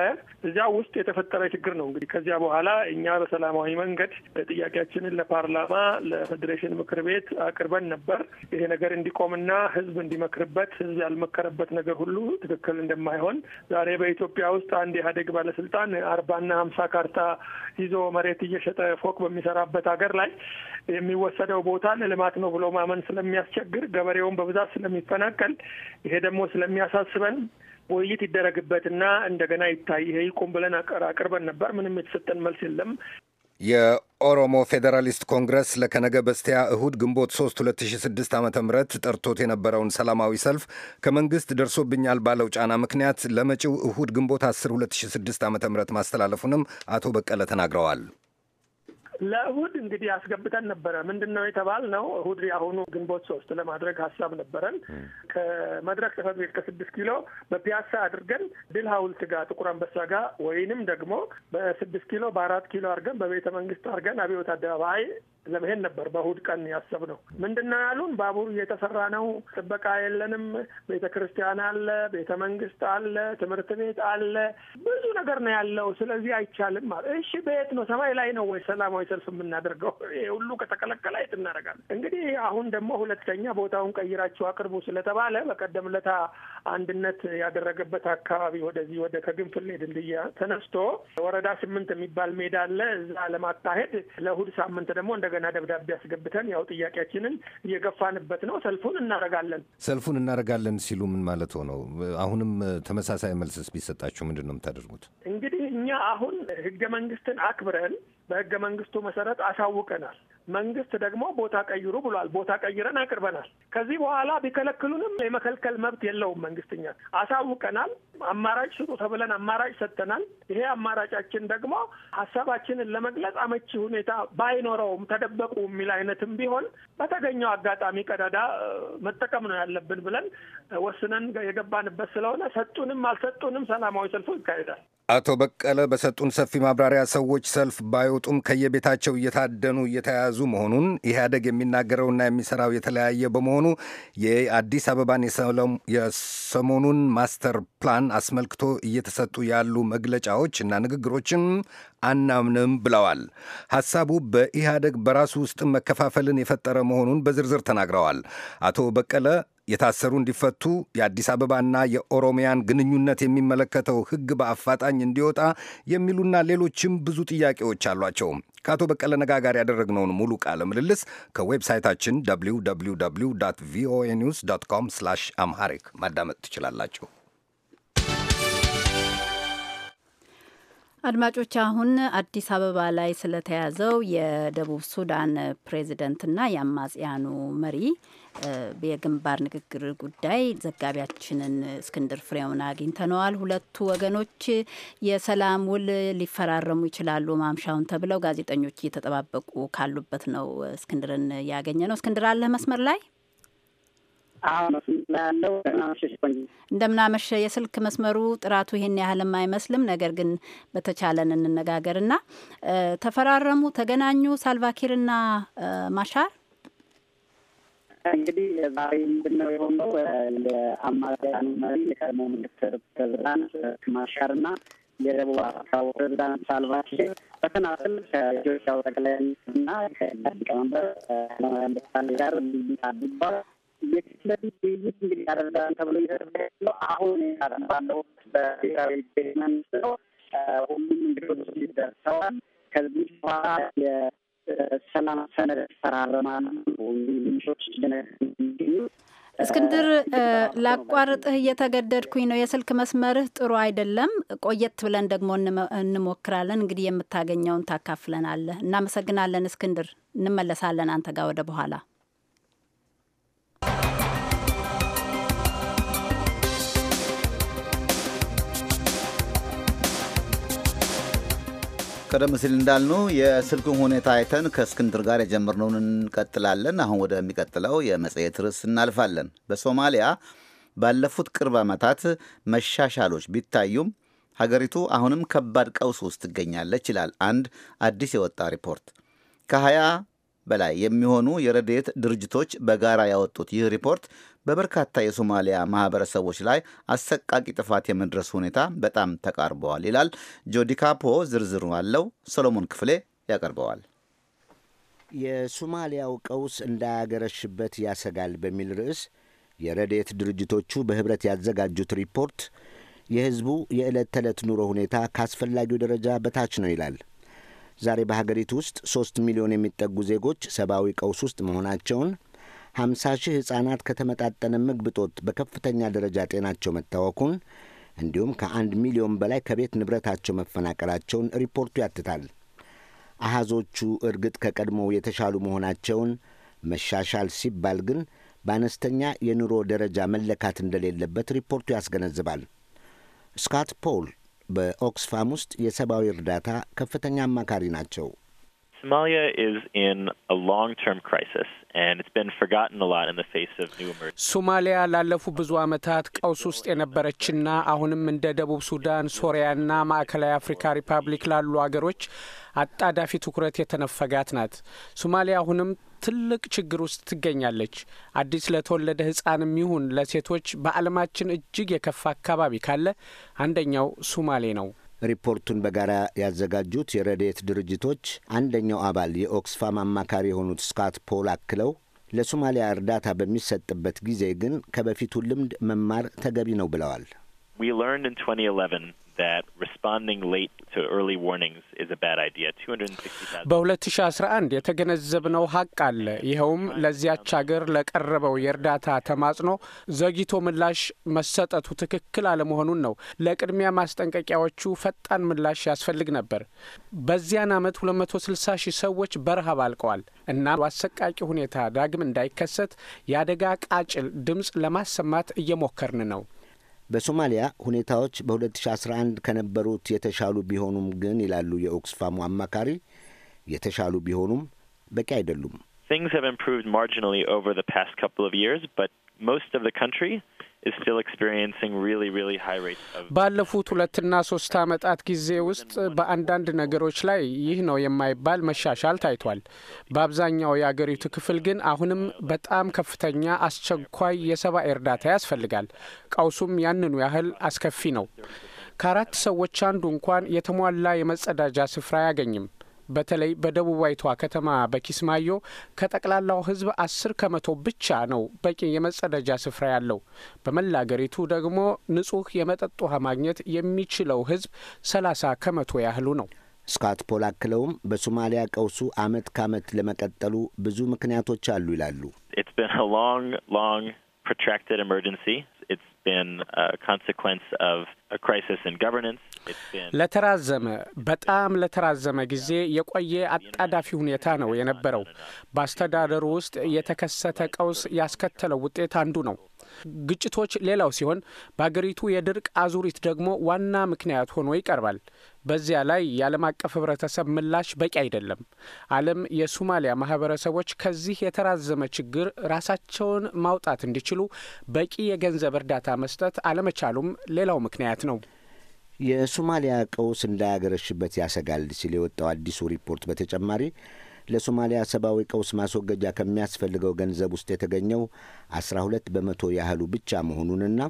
እዚያ ውስጥ የተፈጠረ ችግር ነው። እንግዲህ ከዚያ በኋላ እኛ በሰላማዊ መንገድ ጥያቄያችንን ለፓርላማ ለፌዴሬሽን ምክር ቤት አቅርበን ነበር። ይሄ ነገር እንዲቆምና ህዝብ እንዲመክርበት፣ ህዝብ ያልመከረበት ነገር ሁሉ ትክክል እንደማይሆን ዛሬ በኢትዮጵያ ውስጥ አንድ ኢህአዴግ ባለስልጣን አርባና ሀምሳ ካርታ ይዞ መሬት እየሸጠ ፎቅ በሚሰራበት ሀገር ላይ የሚወሰደው ቦታ ለልማት ነው ብሎ ማመን ስለሚያስቸግር ገበሬውን በብዛት ስለሚፈናቀል ይሄ ደግሞ ስለሚያሳስበን ውይይት ይደረግበትና እንደገና ይታይ ይሄ ይቁም ብለን አቅርበን ነበር። ምንም የተሰጠን መልስ የለም። የኦሮሞ ፌዴራሊስት ኮንግረስ ለከነገ በስቲያ እሁድ ግንቦት 3 2006 ዓ ም ጠርቶት የነበረውን ሰላማዊ ሰልፍ ከመንግሥት ደርሶብኛል ባለው ጫና ምክንያት ለመጪው እሁድ ግንቦት 10 2006 ዓ ም ማስተላለፉንም አቶ በቀለ ተናግረዋል። ለእሁድ እንግዲህ አስገብተን ነበረ። ምንድን ነው የተባል ነው እሁድ የአሁኑ ግንቦት ሶስት ለማድረግ ሀሳብ ነበረን። ከመድረክ ጽሕፈት ቤት ከስድስት ኪሎ በፒያሳ አድርገን ድል ሀውልት ጋር ጥቁር አንበሳ ጋር ወይንም ደግሞ በስድስት ኪሎ በአራት ኪሎ አድርገን በቤተ መንግስት አድርገን አብዮት አደባባይ ለመሄድ ነበር በእሁድ ቀን ያሰብ ምንድን ነው ያሉን፣ ባቡር እየተሰራ ነው፣ ጥበቃ የለንም፣ ቤተ ክርስቲያን አለ፣ ቤተ መንግስት አለ፣ ትምህርት ቤት አለ፣ ብዙ ነገር ነው ያለው። ስለዚህ አይቻልም። እሺ በየት ነው ሰማይ ላይ ነው ወይ ሰላማዊ ሰላማዊ ሰልፍ የምናደርገው ይሄ ሁሉ ከተከለከለ የት እናደርጋለን? እንግዲህ አሁን ደግሞ ሁለተኛ ቦታውን ቀይራችሁ አቅርቡ ስለተባለ በቀደም ለታ አንድነት ያደረገበት አካባቢ ወደዚህ ወደ ከግንፍል ድልድያ ተነስቶ ወረዳ ስምንት የሚባል ሜዳ አለ። እዛ ለማካሄድ ለእሁድ ሳምንት ደግሞ እንደገና ደብዳቤ አስገብተን ያው ጥያቄያችንን እየገፋንበት ነው። ሰልፉን እናደርጋለን ሰልፉን እናደርጋለን ሲሉ ምን ማለት ነው? አሁንም ተመሳሳይ መልስስ ቢሰጣችሁ ምንድን ነው የምታደርጉት? እንግዲህ እኛ አሁን ህገ መንግስትን አክብረን በህገ መንግስቱ መሰረት አሳውቀናል። መንግስት ደግሞ ቦታ ቀይሩ ብሏል። ቦታ ቀይረን አቅርበናል። ከዚህ በኋላ ቢከለክሉንም የመከልከል መብት የለውም መንግስትኛ አሳውቀናል። አማራጭ ስጡ ተብለን አማራጭ ሰጥተናል። ይሄ አማራጫችን ደግሞ ሀሳባችንን ለመግለጽ አመቺ ሁኔታ ባይኖረውም ተደበቁ የሚል አይነትም ቢሆን በተገኘው አጋጣሚ ቀዳዳ መጠቀም ነው ያለብን ብለን ወስነን የገባንበት ስለሆነ ሰጡንም አልሰጡንም ሰላማዊ ሰልፉ ይካሄዳል። አቶ በቀለ በሰጡን ሰፊ ማብራሪያ ሰዎች ሰልፍ ባይወጡም ከየቤታቸው እየታደኑ እየተያያዙ መሆኑን ኢህአደግ የሚናገረውና የሚሰራው የተለያየ በመሆኑ የአዲስ አበባን የሰሞኑን ማስተር ፕላን አስመልክቶ እየተሰጡ ያሉ መግለጫዎች እና ንግግሮችን አናምንም ብለዋል። ሐሳቡ በኢህአደግ በራሱ ውስጥ መከፋፈልን የፈጠረ መሆኑን በዝርዝር ተናግረዋል። አቶ በቀለ የታሰሩ እንዲፈቱ የአዲስ አበባና የኦሮሚያን ግንኙነት የሚመለከተው ሕግ በአፋጣኝ እንዲወጣ የሚሉና ሌሎችም ብዙ ጥያቄዎች አሏቸው። ከአቶ በቀለ ነጋ ጋር ያደረግነውን ሙሉ ቃለ ምልልስ ከዌብሳይታችን www ቪኦኤ ኒውስ ዶት ኮም ስላሽ አምሃሪክ ማዳመጥ ትችላላችሁ። አድማጮች አሁን አዲስ አበባ ላይ ስለተያዘው የደቡብ ሱዳን ፕሬዚደንትና የአማጽያኑ መሪ የግንባር ንግግር ጉዳይ ዘጋቢያችንን እስክንድር ፍሬውን አግኝተነዋል። ሁለቱ ወገኖች የሰላም ውል ሊፈራረሙ ይችላሉ ማምሻውን ተብለው ጋዜጠኞች እየተጠባበቁ ካሉበት ነው እስክንድርን ያገኘ ነው። እስክንድር አለ መስመር ላይ ላለው እንደምናመሸ የስልክ መስመሩ ጥራቱ ይሄን ያህልም አይመስልም። ነገር ግን በተቻለን እንነጋገር እንነጋገርና ተፈራረሙ፣ ተገናኙ ሳልቫኪርና ማሻር እንግዲህ ዛሬ ምንድን ነው የሆነው? የአማጽያኑ መሪ የቀድሞ ምክትል ፕሬዚዳንት ማሻርና የደቡብ አፍሪካው ፕሬዚዳንት ሳልቫኪር በተናጠል ከኢትዮጵያው ጠቅላይ ሚኒስትርና ከሊቀመንበር ኃይለማርያም ደሳለኝ ጋር ውይይት አድርገዋል። የፊትለፊት እንግዲህ ያደርጋል ተብሎ አሁን ባለው በብሔራዊ ቤተ መንግስት ነው። ሁሉም ደርሰዋል። ከዚህ በኋላ የሰላም ሰነድ ምንሾች እስክንድር ላቋርጥህ እየተገደድኩኝ ነው። የስልክ መስመርህ ጥሩ አይደለም። ቆየት ብለን ደግሞ እንሞክራለን። እንግዲህ የምታገኘውን ታካፍለናለህ። እናመሰግናለን እስክንድር። እንመለሳለን አንተ ጋር ወደ በኋላ ቀደም ሲል እንዳልነው የስልኩን ሁኔታ አይተን ከእስክንድር ጋር የጀመርነውን እንቀጥላለን። አሁን ወደሚቀጥለው የመጽሔት ርዕስ እናልፋለን። በሶማሊያ ባለፉት ቅርብ ዓመታት መሻሻሎች ቢታዩም ሀገሪቱ አሁንም ከባድ ቀውስ ውስጥ ትገኛለች ይላል አንድ አዲስ የወጣ ሪፖርት። ከ20 በላይ የሚሆኑ የረድኤት ድርጅቶች በጋራ ያወጡት ይህ ሪፖርት በበርካታ የሶማሊያ ማህበረሰቦች ላይ አሰቃቂ ጥፋት የመድረስ ሁኔታ በጣም ተቃርበዋል ይላል። ጆዲካፖ ዝርዝሩ አለው። ሰሎሞን ክፍሌ ያቀርበዋል። የሶማሊያው ቀውስ እንዳያገረሽበት ያሰጋል በሚል ርዕስ የረድኤት ድርጅቶቹ በህብረት ያዘጋጁት ሪፖርት የህዝቡ የዕለት ተዕለት ኑሮ ሁኔታ ከአስፈላጊው ደረጃ በታች ነው ይላል። ዛሬ በሀገሪቱ ውስጥ ሶስት ሚሊዮን የሚጠጉ ዜጎች ሰብአዊ ቀውስ ውስጥ መሆናቸውን፣ ሀምሳ ሺህ ሕፃናት ከተመጣጠነ ምግብ እጦት በከፍተኛ ደረጃ ጤናቸው መታወኩን እንዲሁም ከአንድ ሚሊዮን በላይ ከቤት ንብረታቸው መፈናቀላቸውን ሪፖርቱ ያትታል። አሃዞቹ እርግጥ ከቀድሞው የተሻሉ መሆናቸውን መሻሻል ሲባል ግን በአነስተኛ የኑሮ ደረጃ መለካት እንደሌለበት ሪፖርቱ ያስገነዝባል። ስካት ፖል በኦክስፋም ውስጥ የሰብአዊ እርዳታ ከፍተኛ አማካሪ ናቸው። Somalia is in a long-term crisis and it's been forgotten a lot in the face of new emerging. ሶማሊያ ላለፉ ብዙ ዓመታት ቀውስ ውስጥ የነበረችና አሁንም እንደ ደቡብ ሱዳን፣ ሶሪያና ማዕከላዊ አፍሪካ ሪፐብሊክ ላሉ አገሮች አጣዳፊ ትኩረት የተነፈጋት ናት። ሶማሊያ አሁንም ትልቅ ችግር ውስጥ ትገኛለች። አዲስ ለተወለደ ሕፃንም ይሁን ለሴቶች በዓለማችን እጅግ የከፋ አካባቢ ካለ አንደኛው ሶማሌ ነው። ሪፖርቱን በጋራ ያዘጋጁት የረድኤት ድርጅቶች አንደኛው አባል የኦክስፋም አማካሪ የሆኑት ስካት ፖል አክለው ለሶማሊያ እርዳታ በሚሰጥበት ጊዜ ግን ከበፊቱ ልምድ መማር ተገቢ ነው ብለዋል። that responding late to early warnings is a bad idea. በ2011 የተገነዘብነው ሀቅ አለ። ይኸውም ለዚያች ሀገር ለቀረበው የእርዳታ ተማጽኖ ዘግይቶ ምላሽ መሰጠቱ ትክክል አለመሆኑን ነው። ለቅድሚያ ማስጠንቀቂያዎቹ ፈጣን ምላሽ ያስፈልግ ነበር። በዚያን ዓመት 260 ሺህ ሰዎች በረሃብ አልቀዋል እና አሰቃቂ ሁኔታ ዳግም እንዳይከሰት የአደጋ ቃጭል ድምፅ ለማሰማት እየሞከርን ነው። በሶማሊያ ሁኔታዎች በ2011 ከነበሩት የተሻሉ ቢሆኑም ግን ይላሉ የኦክስፋሙ አማካሪ፣ የተሻሉ ቢሆኑም በቂ አይደሉም። ባለፉት ሁለትና ሶስት ዓመታት ጊዜ ውስጥ በአንዳንድ ነገሮች ላይ ይህ ነው የማይባል መሻሻል ታይቷል። በአብዛኛው የአገሪቱ ክፍል ግን አሁንም በጣም ከፍተኛ አስቸኳይ የሰብአዊ እርዳታ ያስፈልጋል። ቀውሱም ያንኑ ያህል አስከፊ ነው። ከአራት ሰዎች አንዱ እንኳን የተሟላ የመጸዳጃ ስፍራ አያገኝም። በተለይ በደቡባዊቷ ከተማ በኪስማዮ ከጠቅላላው ሕዝብ አስር ከመቶ ብቻ ነው በቂ የመጸደጃ ስፍራ ያለው። በመላ አገሪቱ ደግሞ ንጹህ የመጠጥ ውሃ ማግኘት የሚችለው ሕዝብ ሰላሳ ከመቶ ያህሉ ነው። ስካት ፖል አክለውም በሶማሊያ ቀውሱ አመት ከአመት ለመቀጠሉ ብዙ ምክንያቶች አሉ ይላሉ። ለተራዘመ በጣም ለተራዘመ ጊዜ የቆየ አጣዳፊ ሁኔታ ነው የነበረው። በአስተዳደሩ ውስጥ የተከሰተ ቀውስ ያስከተለው ውጤት አንዱ ነው። ግጭቶች ሌላው ሲሆን በአገሪቱ የድርቅ አዙሪት ደግሞ ዋና ምክንያት ሆኖ ይቀርባል። በዚያ ላይ የዓለም አቀፍ ህብረተሰብ ምላሽ በቂ አይደለም። ዓለም የሱማሊያ ማህበረሰቦች ከዚህ የተራዘመ ችግር ራሳቸውን ማውጣት እንዲችሉ በቂ የገንዘብ እርዳታ መስጠት አለመቻሉም ሌላው ምክንያት ነው። የሱማሊያ ቀውስ እንዳያገረሽበት ያሰጋል ሲል የወጣው አዲሱ ሪፖርት በተጨማሪ ለሶማሊያ ሰብአዊ ቀውስ ማስወገጃ ከሚያስፈልገው ገንዘብ ውስጥ የተገኘው 12 በመቶ ያህሉ ብቻ መሆኑንና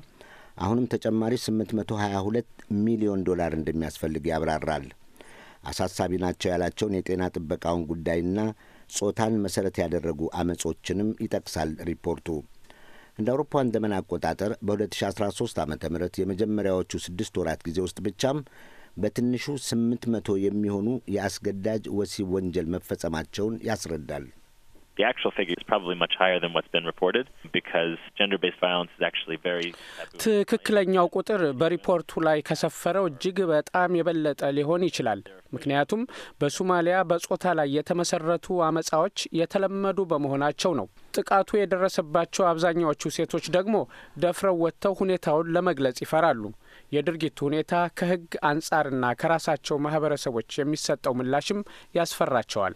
አሁንም ተጨማሪ 822 ሚሊዮን ዶላር እንደሚያስፈልግ ያብራራል። አሳሳቢ ናቸው ያላቸውን የጤና ጥበቃውን ጉዳይና ጾታን መሰረት ያደረጉ አመጾችንም ይጠቅሳል ሪፖርቱ። እንደ አውሮፓውያን ዘመን አቆጣጠር በ2013 ዓ ም የመጀመሪያዎቹ ስድስት ወራት ጊዜ ውስጥ ብቻም በትንሹ ስምንት መቶ የሚሆኑ የአስገዳጅ ወሲብ ወንጀል መፈጸማቸውን ያስረዳል። ትክክለኛው ቁጥር በሪፖርቱ ላይ ከሰፈረው እጅግ በጣም የበለጠ ሊሆን ይችላል። ምክንያቱም በሶማሊያ በጾታ ላይ የተመሰረቱ አመጻዎች የተለመዱ በመሆናቸው ነው። ጥቃቱ የደረሰባቸው አብዛኛዎቹ ሴቶች ደግሞ ደፍረው ወጥተው ሁኔታውን ለመግለጽ ይፈራሉ። የድርጊት ሁኔታ ከህግ አንጻርና ከራሳቸው ማህበረሰቦች የሚሰጠው ምላሽም ያስፈራቸዋል።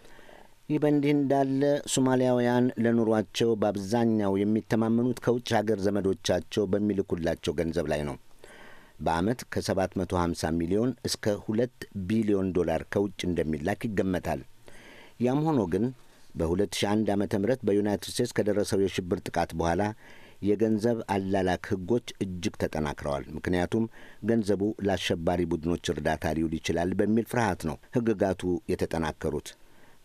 ይህ በእንዲህ እንዳለ ሶማሊያውያን ለኑሯቸው በአብዛኛው የሚተማመኑት ከውጭ ሀገር ዘመዶቻቸው በሚልኩላቸው ገንዘብ ላይ ነው። በአመት ከ750 ሚሊዮን እስከ 2 ቢሊዮን ዶላር ከውጭ እንደሚላክ ይገመታል። ያም ሆኖ ግን በ2001 ዓ ም በዩናይትድ ስቴትስ ከደረሰው የሽብር ጥቃት በኋላ የገንዘብ አላላክ ሕጎች እጅግ ተጠናክረዋል። ምክንያቱም ገንዘቡ ለአሸባሪ ቡድኖች እርዳታ ሊውል ይችላል በሚል ፍርሃት ነው ሕግጋቱ የተጠናከሩት።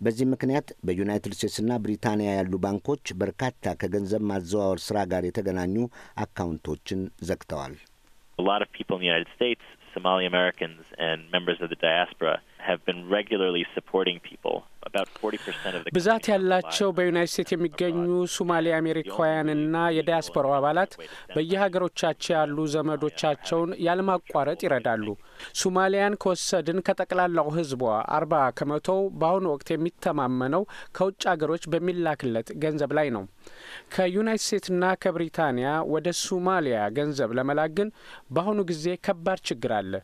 በዚህ ምክንያት በዩናይትድ ስቴትስና ብሪታንያ ያሉ ባንኮች በርካታ ከገንዘብ ማዘዋወር ስራ ጋር የተገናኙ አካውንቶችን ዘግተዋል። A lot of people in the United States, Somali Americans and members of the diaspora ብዛት ያላቸው በዩናይት ስቴትስ የሚገኙ ሱማሌ አሜሪካውያንና የዲያስፖራው አባላት በየሀገሮቻቸው ያሉ ዘመዶቻቸውን ያለማቋረጥ ይረዳሉ። ሱማሊያን ከወሰድን ከጠቅላላው ሕዝቧ አርባ ከመቶው በአሁኑ ወቅት የሚተማመነው ከውጭ ሀገሮች በሚላክለት ገንዘብ ላይ ነው። ከዩናይት ስቴትስና ከብሪታንያ ወደ ሱማሊያ ገንዘብ ለመላክ ግን በአሁኑ ጊዜ ከባድ ችግር አለ።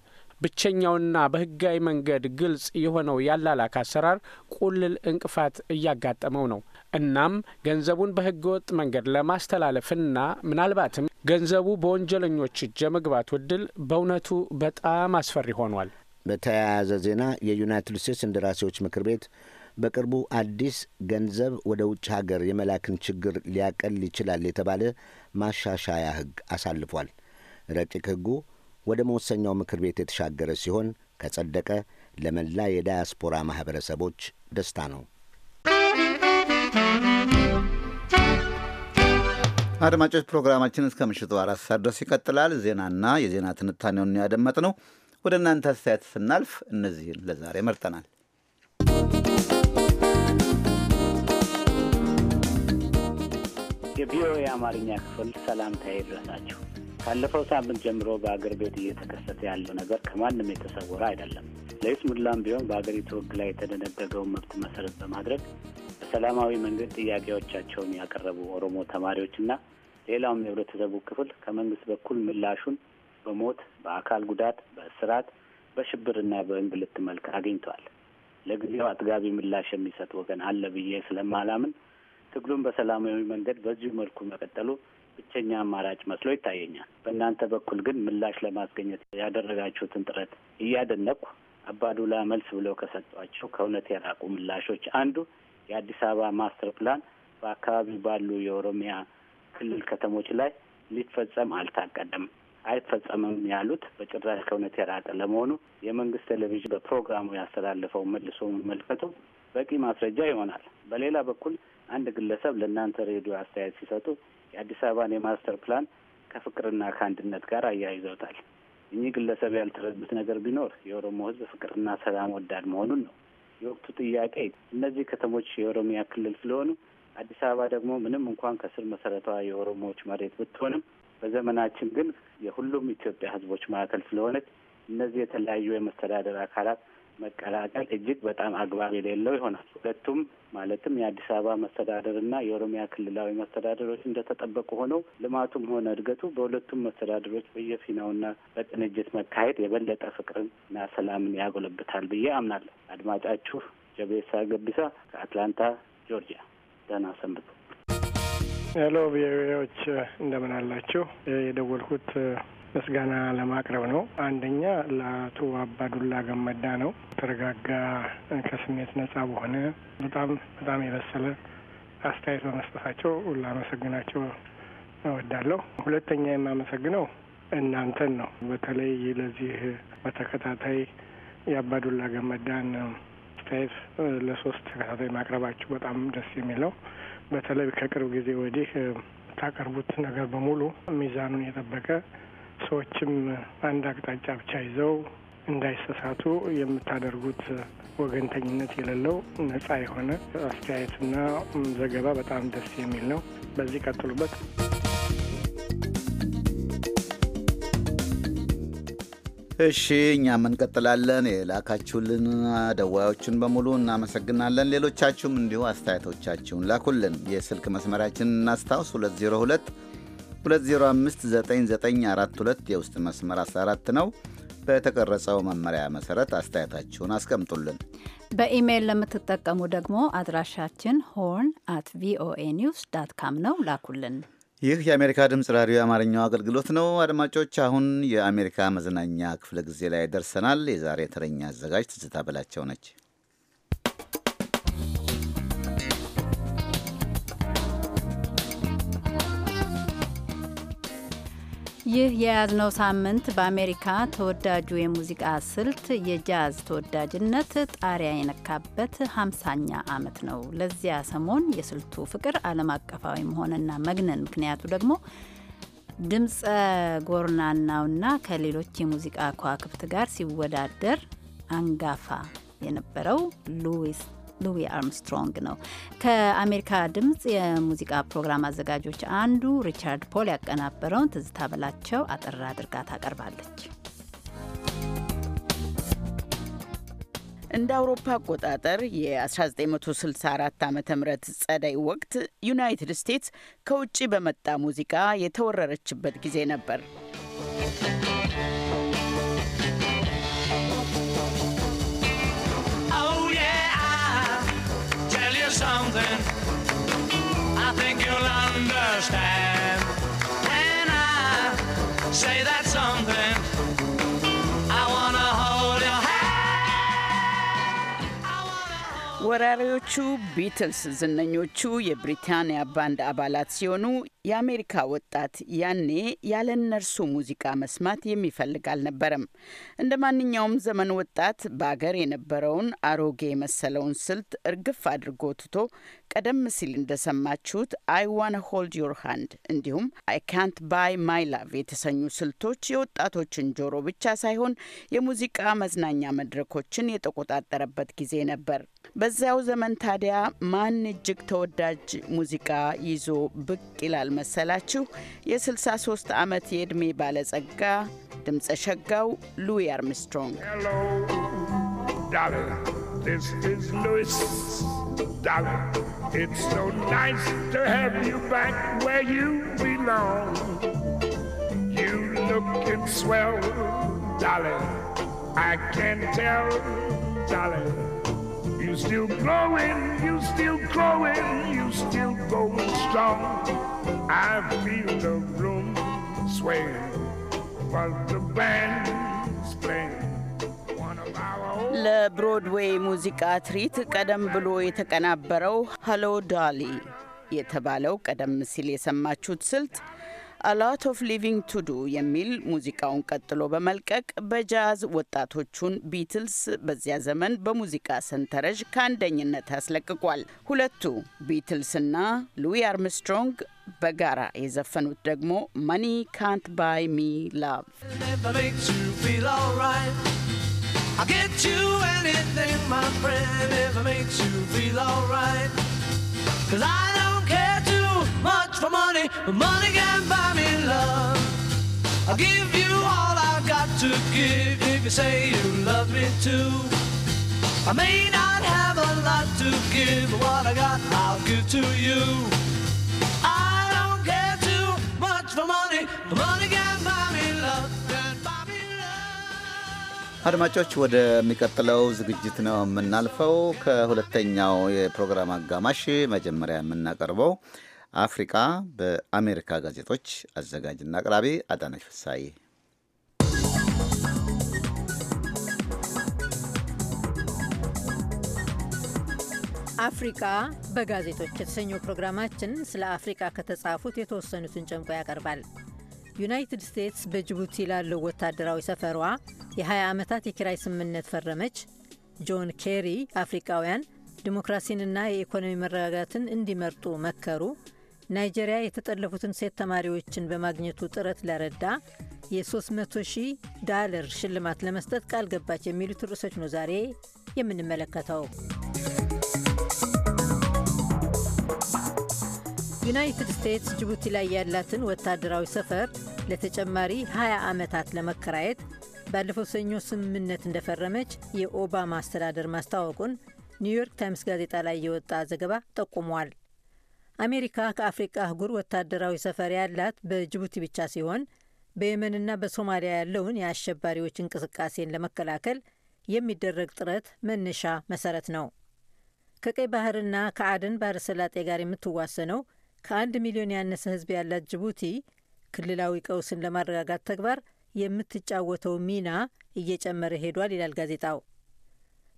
ብቸኛውና በህጋዊ መንገድ ግልጽ የሆነው ያላላክ አሰራር ቁልል እንቅፋት እያጋጠመው ነው። እናም ገንዘቡን በሕገ ወጥ መንገድ ለማስተላለፍና ምናልባትም ገንዘቡ በወንጀለኞች እጅ የመግባቱ ውድል በእውነቱ በጣም አስፈሪ ሆኗል። በተያያዘ ዜና የዩናይትድ ስቴትስ እንደራሴዎች ምክር ቤት በቅርቡ አዲስ ገንዘብ ወደ ውጭ ሀገር የመላክን ችግር ሊያቀል ይችላል የተባለ ማሻሻያ ህግ አሳልፏል። ረቂቅ ህጉ ወደ መወሰኛው ምክር ቤት የተሻገረ ሲሆን ከጸደቀ ለመላ የዳያስፖራ ማኅበረሰቦች ደስታ ነው። አድማጮች ፕሮግራማችን እስከ ምሽቱ አራት ሰዓት ድረስ ይቀጥላል። ዜናና የዜና ትንታኔውን ያደመጥ ነው። ወደ እናንተ አስተያየት ስናልፍ እነዚህን ለዛሬ መርጠናል። የቪኦኤ አማርኛ ክፍል ሰላምታ ይድረሳችሁ። ካለፈው ሳምንት ጀምሮ በአገር ቤት እየተከሰተ ያለው ነገር ከማንም የተሰወረ አይደለም። ለይስሙላም ቢሆን በአገሪቱ ሕግ ላይ የተደነገገውን መብት መሰረት በማድረግ በሰላማዊ መንገድ ጥያቄዎቻቸውን ያቀረቡ ኦሮሞ ተማሪዎችና ሌላውም የህብረተሰቡ ክፍል ከመንግስት በኩል ምላሹን በሞት፣ በአካል ጉዳት፣ በእስራት፣ በሽብርና በእንግልት መልክ አግኝተዋል። ለጊዜው አጥጋቢ ምላሽ የሚሰጥ ወገን አለ ብዬ ስለማላምን ትግሉን በሰላማዊ መንገድ በዚሁ መልኩ መቀጠሉ ብቸኛ አማራጭ መስሎ ይታየኛል። በእናንተ በኩል ግን ምላሽ ለማስገኘት ያደረጋችሁትን ጥረት እያደነቅኩ አባዱላ መልስ ብለው ከሰጧቸው ከእውነት የራቁ ምላሾች አንዱ የአዲስ አበባ ማስተር ፕላን በአካባቢው ባሉ የኦሮሚያ ክልል ከተሞች ላይ ሊፈጸም አልታቀደም፣ አይፈጸምም ያሉት በጭራሽ ከእውነት የራቀ ለመሆኑ የመንግስት ቴሌቪዥን በፕሮግራሙ ያስተላለፈው መልሶ መመልከቱ በቂ ማስረጃ ይሆናል። በሌላ በኩል አንድ ግለሰብ ለእናንተ ሬዲዮ አስተያየት ሲሰጡ የአዲስ አበባን የማስተር ፕላን ከፍቅርና ከአንድነት ጋር አያይዘውታል። እኚህ ግለሰብ ያልተረዱት ነገር ቢኖር የኦሮሞ ሕዝብ ፍቅርና ሰላም ወዳድ መሆኑን ነው። የወቅቱ ጥያቄ እነዚህ ከተሞች የኦሮሚያ ክልል ስለሆኑ አዲስ አበባ ደግሞ ምንም እንኳን ከስር መሰረቷ የኦሮሞዎች መሬት ብትሆንም በዘመናችን ግን የሁሉም ኢትዮጵያ ሕዝቦች ማዕከል ስለሆነች እነዚህ የተለያዩ የመስተዳደር አካላት መቀላቀል እጅግ በጣም አግባብ የሌለው ይሆናል። ሁለቱም ማለትም የአዲስ አበባ መስተዳደርና የኦሮሚያ ክልላዊ መስተዳደሮች እንደተጠበቁ ሆነው ልማቱም ሆነ እድገቱ በሁለቱም መስተዳደሮች በየፊናውና በቅንጅት መካሄድ የበለጠ ፍቅርንና ሰላምን ያጎለብታል ብዬ አምናለሁ። አድማጫችሁ ጀቤሳ ገቢሳ ከአትላንታ ጆርጂያ። ደህና ሰንብቱ። ሄሎ ቪኦኤዎች እንደምን አላችሁ? የደወልኩት ምስጋና ለማቅረብ ነው። አንደኛ ለአቶ አባዱላ ገመዳ ነው። ተረጋጋ፣ ከስሜት ነጻ በሆነ በጣም በጣም የበሰለ አስተያየት በመስጠታቸው ላመሰግናቸው እወዳለሁ። ሁለተኛ የማመሰግነው እናንተን ነው። በተለይ ለዚህ በተከታታይ የአባዱላ ገመዳን አስተያየት ለሶስት ተከታታይ ማቅረባችሁ በጣም ደስ የሚል በተለይ ከቅርብ ጊዜ ወዲህ ታቀርቡት ነገር በሙሉ ሚዛኑን የጠበቀ ሰዎችም አንድ አቅጣጫ ብቻ ይዘው እንዳይሰሳቱ የምታደርጉት ወገንተኝነት የሌለው ነጻ የሆነ አስተያየትና ዘገባ በጣም ደስ የሚል ነው። በዚህ ቀጥሉበት። እሺ እኛም እንቀጥላለን። የላካችሁልን ደዋዮችን በሙሉ እናመሰግናለን። ሌሎቻችሁም እንዲሁ አስተያየቶቻችሁን ላኩልን። የስልክ መስመራችንን እናስታውስ 202 2059942 የውስጥ መስመር 14 ነው። በተቀረጸው መመሪያ መሰረት አስተያየታችሁን አስቀምጡልን። በኢሜይል ለምትጠቀሙ ደግሞ አድራሻችን ሆርን አት ቪኦኤ ኒውስ ዳት ካም ነው፣ ላኩልን። ይህ የአሜሪካ ድምፅ ራዲዮ የአማርኛው አገልግሎት ነው። አድማጮች፣ አሁን የአሜሪካ መዝናኛ ክፍለ ጊዜ ላይ ደርሰናል። የዛሬ ተረኛ አዘጋጅ ትዝታ በላቸው ነች። ይህ የያዝነው ሳምንት በአሜሪካ ተወዳጁ የሙዚቃ ስልት የጃዝ ተወዳጅነት ጣሪያ የነካበት ሃምሳኛ ዓመት ነው። ለዚያ ሰሞን የስልቱ ፍቅር ዓለም አቀፋዊ መሆንና መግነን ምክንያቱ ደግሞ ድምፀ ጎርናናውና ከሌሎች የሙዚቃ ከዋክብት ጋር ሲወዳደር አንጋፋ የነበረው ሉዊስ ሉዊ አርምስትሮንግ ነው። ከአሜሪካ ድምፅ የሙዚቃ ፕሮግራም አዘጋጆች አንዱ ሪቻርድ ፖል ያቀናበረውን ትዝታ በላቸው አጠር አድርጋ ታቀርባለች። እንደ አውሮፓ አቆጣጠር የ1964 ዓ ም ጸደይ ወቅት ዩናይትድ ስቴትስ ከውጭ በመጣ ሙዚቃ የተወረረችበት ጊዜ ነበር። something I think you'll understand. ወራሪዎቹ ቢትልስ ዝነኞቹ የብሪታንያ ባንድ አባላት ሲሆኑ የአሜሪካ ወጣት ያኔ ያለ እነርሱ ሙዚቃ መስማት የሚፈልግ አልነበረም። እንደ ማንኛውም ዘመን ወጣት በአገር የነበረውን አሮጌ የመሰለውን ስልት እርግፍ አድርጎ ትቶ ቀደም ሲል እንደሰማችሁት አይ ዋን ሆልድ ዮር ሃንድ እንዲሁም አይ ካንት ባይ ማይ ላቭ የተሰኙ ስልቶች የወጣቶችን ጆሮ ብቻ ሳይሆን የሙዚቃ መዝናኛ መድረኮችን የተቆጣጠረበት ጊዜ ነበር። በዚያው ዘመን ታዲያ ማን እጅግ ተወዳጅ ሙዚቃ ይዞ ብቅ ይላል መሰላችሁ? የ63 ዓመት የዕድሜ ባለጸጋ ድምፀ ሸጋው ሉዊ አርምስትሮንግ Darling, I can tell, darling. You still growing, you still growing, you still going strong. I feel the room swaying but the band's playing. ለብሮድዌይ ሙዚቃ ትርኢት ቀደም ብሎ የተቀናበረው ሀሎ ዳሊ የተባለው ቀደም ሲል የሰማችሁት ስልት አላት ኦፍ ሊቪንግ ቱ ዱ የሚል ሙዚቃውን ቀጥሎ በመልቀቅ በጃዝ ወጣቶቹን ቢትልስ በዚያ ዘመን በሙዚቃ ሰንተረዥ ከአንደኝነት አስለቅቋል። ሁለቱ ቢትልስና ሉዊ አርምስትሮንግ በጋራ የዘፈኑት ደግሞ ማኒ ካንት ባይ ሚ ላቭ Cause I don't much for money, but money can buy me love. I'll give you all I've got to give if you say you love me too. I may not have a lot to give, but what I got I'll give to you. I don't care too much for money, but money can buy me love. አድማጮች ወደሚቀጥለው ዝግጅት ነው የምናልፈው። ከሁለተኛው የፕሮግራም አጋማሽ መጀመሪያ የምናቀርበው አፍሪካ በአሜሪካ ጋዜጦች አዘጋጅና አቅራቢ አዳነች ፍሳዬ። አፍሪካ በጋዜጦች የተሰኘው ፕሮግራማችን ስለ አፍሪቃ ከተጻፉት የተወሰኑትን ጨምቆ ያቀርባል። ዩናይትድ ስቴትስ በጅቡቲ ላለው ወታደራዊ ሰፈሯ የ20 ዓመታት የኪራይ ስምምነት ፈረመች። ጆን ኬሪ አፍሪቃውያን ዲሞክራሲንና የኢኮኖሚ መረጋጋትን እንዲመርጡ መከሩ። ናይጄሪያ የተጠለፉትን ሴት ተማሪዎችን በማግኘቱ ጥረት ለረዳ የ300 ሺህ ዳለር ሽልማት ለመስጠት ቃል ገባች የሚሉት ርዕሶች ነው ዛሬ የምንመለከተው። ዩናይትድ ስቴትስ ጅቡቲ ላይ ያላትን ወታደራዊ ሰፈር ለተጨማሪ 20 ዓመታት ለመከራየት ባለፈው ሰኞ ስምምነት እንደፈረመች የኦባማ አስተዳደር ማስታወቁን ኒውዮርክ ታይምስ ጋዜጣ ላይ የወጣ ዘገባ ጠቁሟል። አሜሪካ ከአፍሪቃ አህጉር ወታደራዊ ሰፈር ያላት በጅቡቲ ብቻ ሲሆን በየመንና በሶማሊያ ያለውን የአሸባሪዎች እንቅስቃሴን ለመከላከል የሚደረግ ጥረት መነሻ መሰረት ነው። ከቀይ ባህርና ከአደን ባህረ ሰላጤ ጋር የምትዋሰነው ከአንድ ሚሊዮን ያነሰ ሕዝብ ያላት ጅቡቲ ክልላዊ ቀውስን ለማረጋጋት ተግባር የምትጫወተው ሚና እየጨመረ ሄዷል ይላል ጋዜጣው።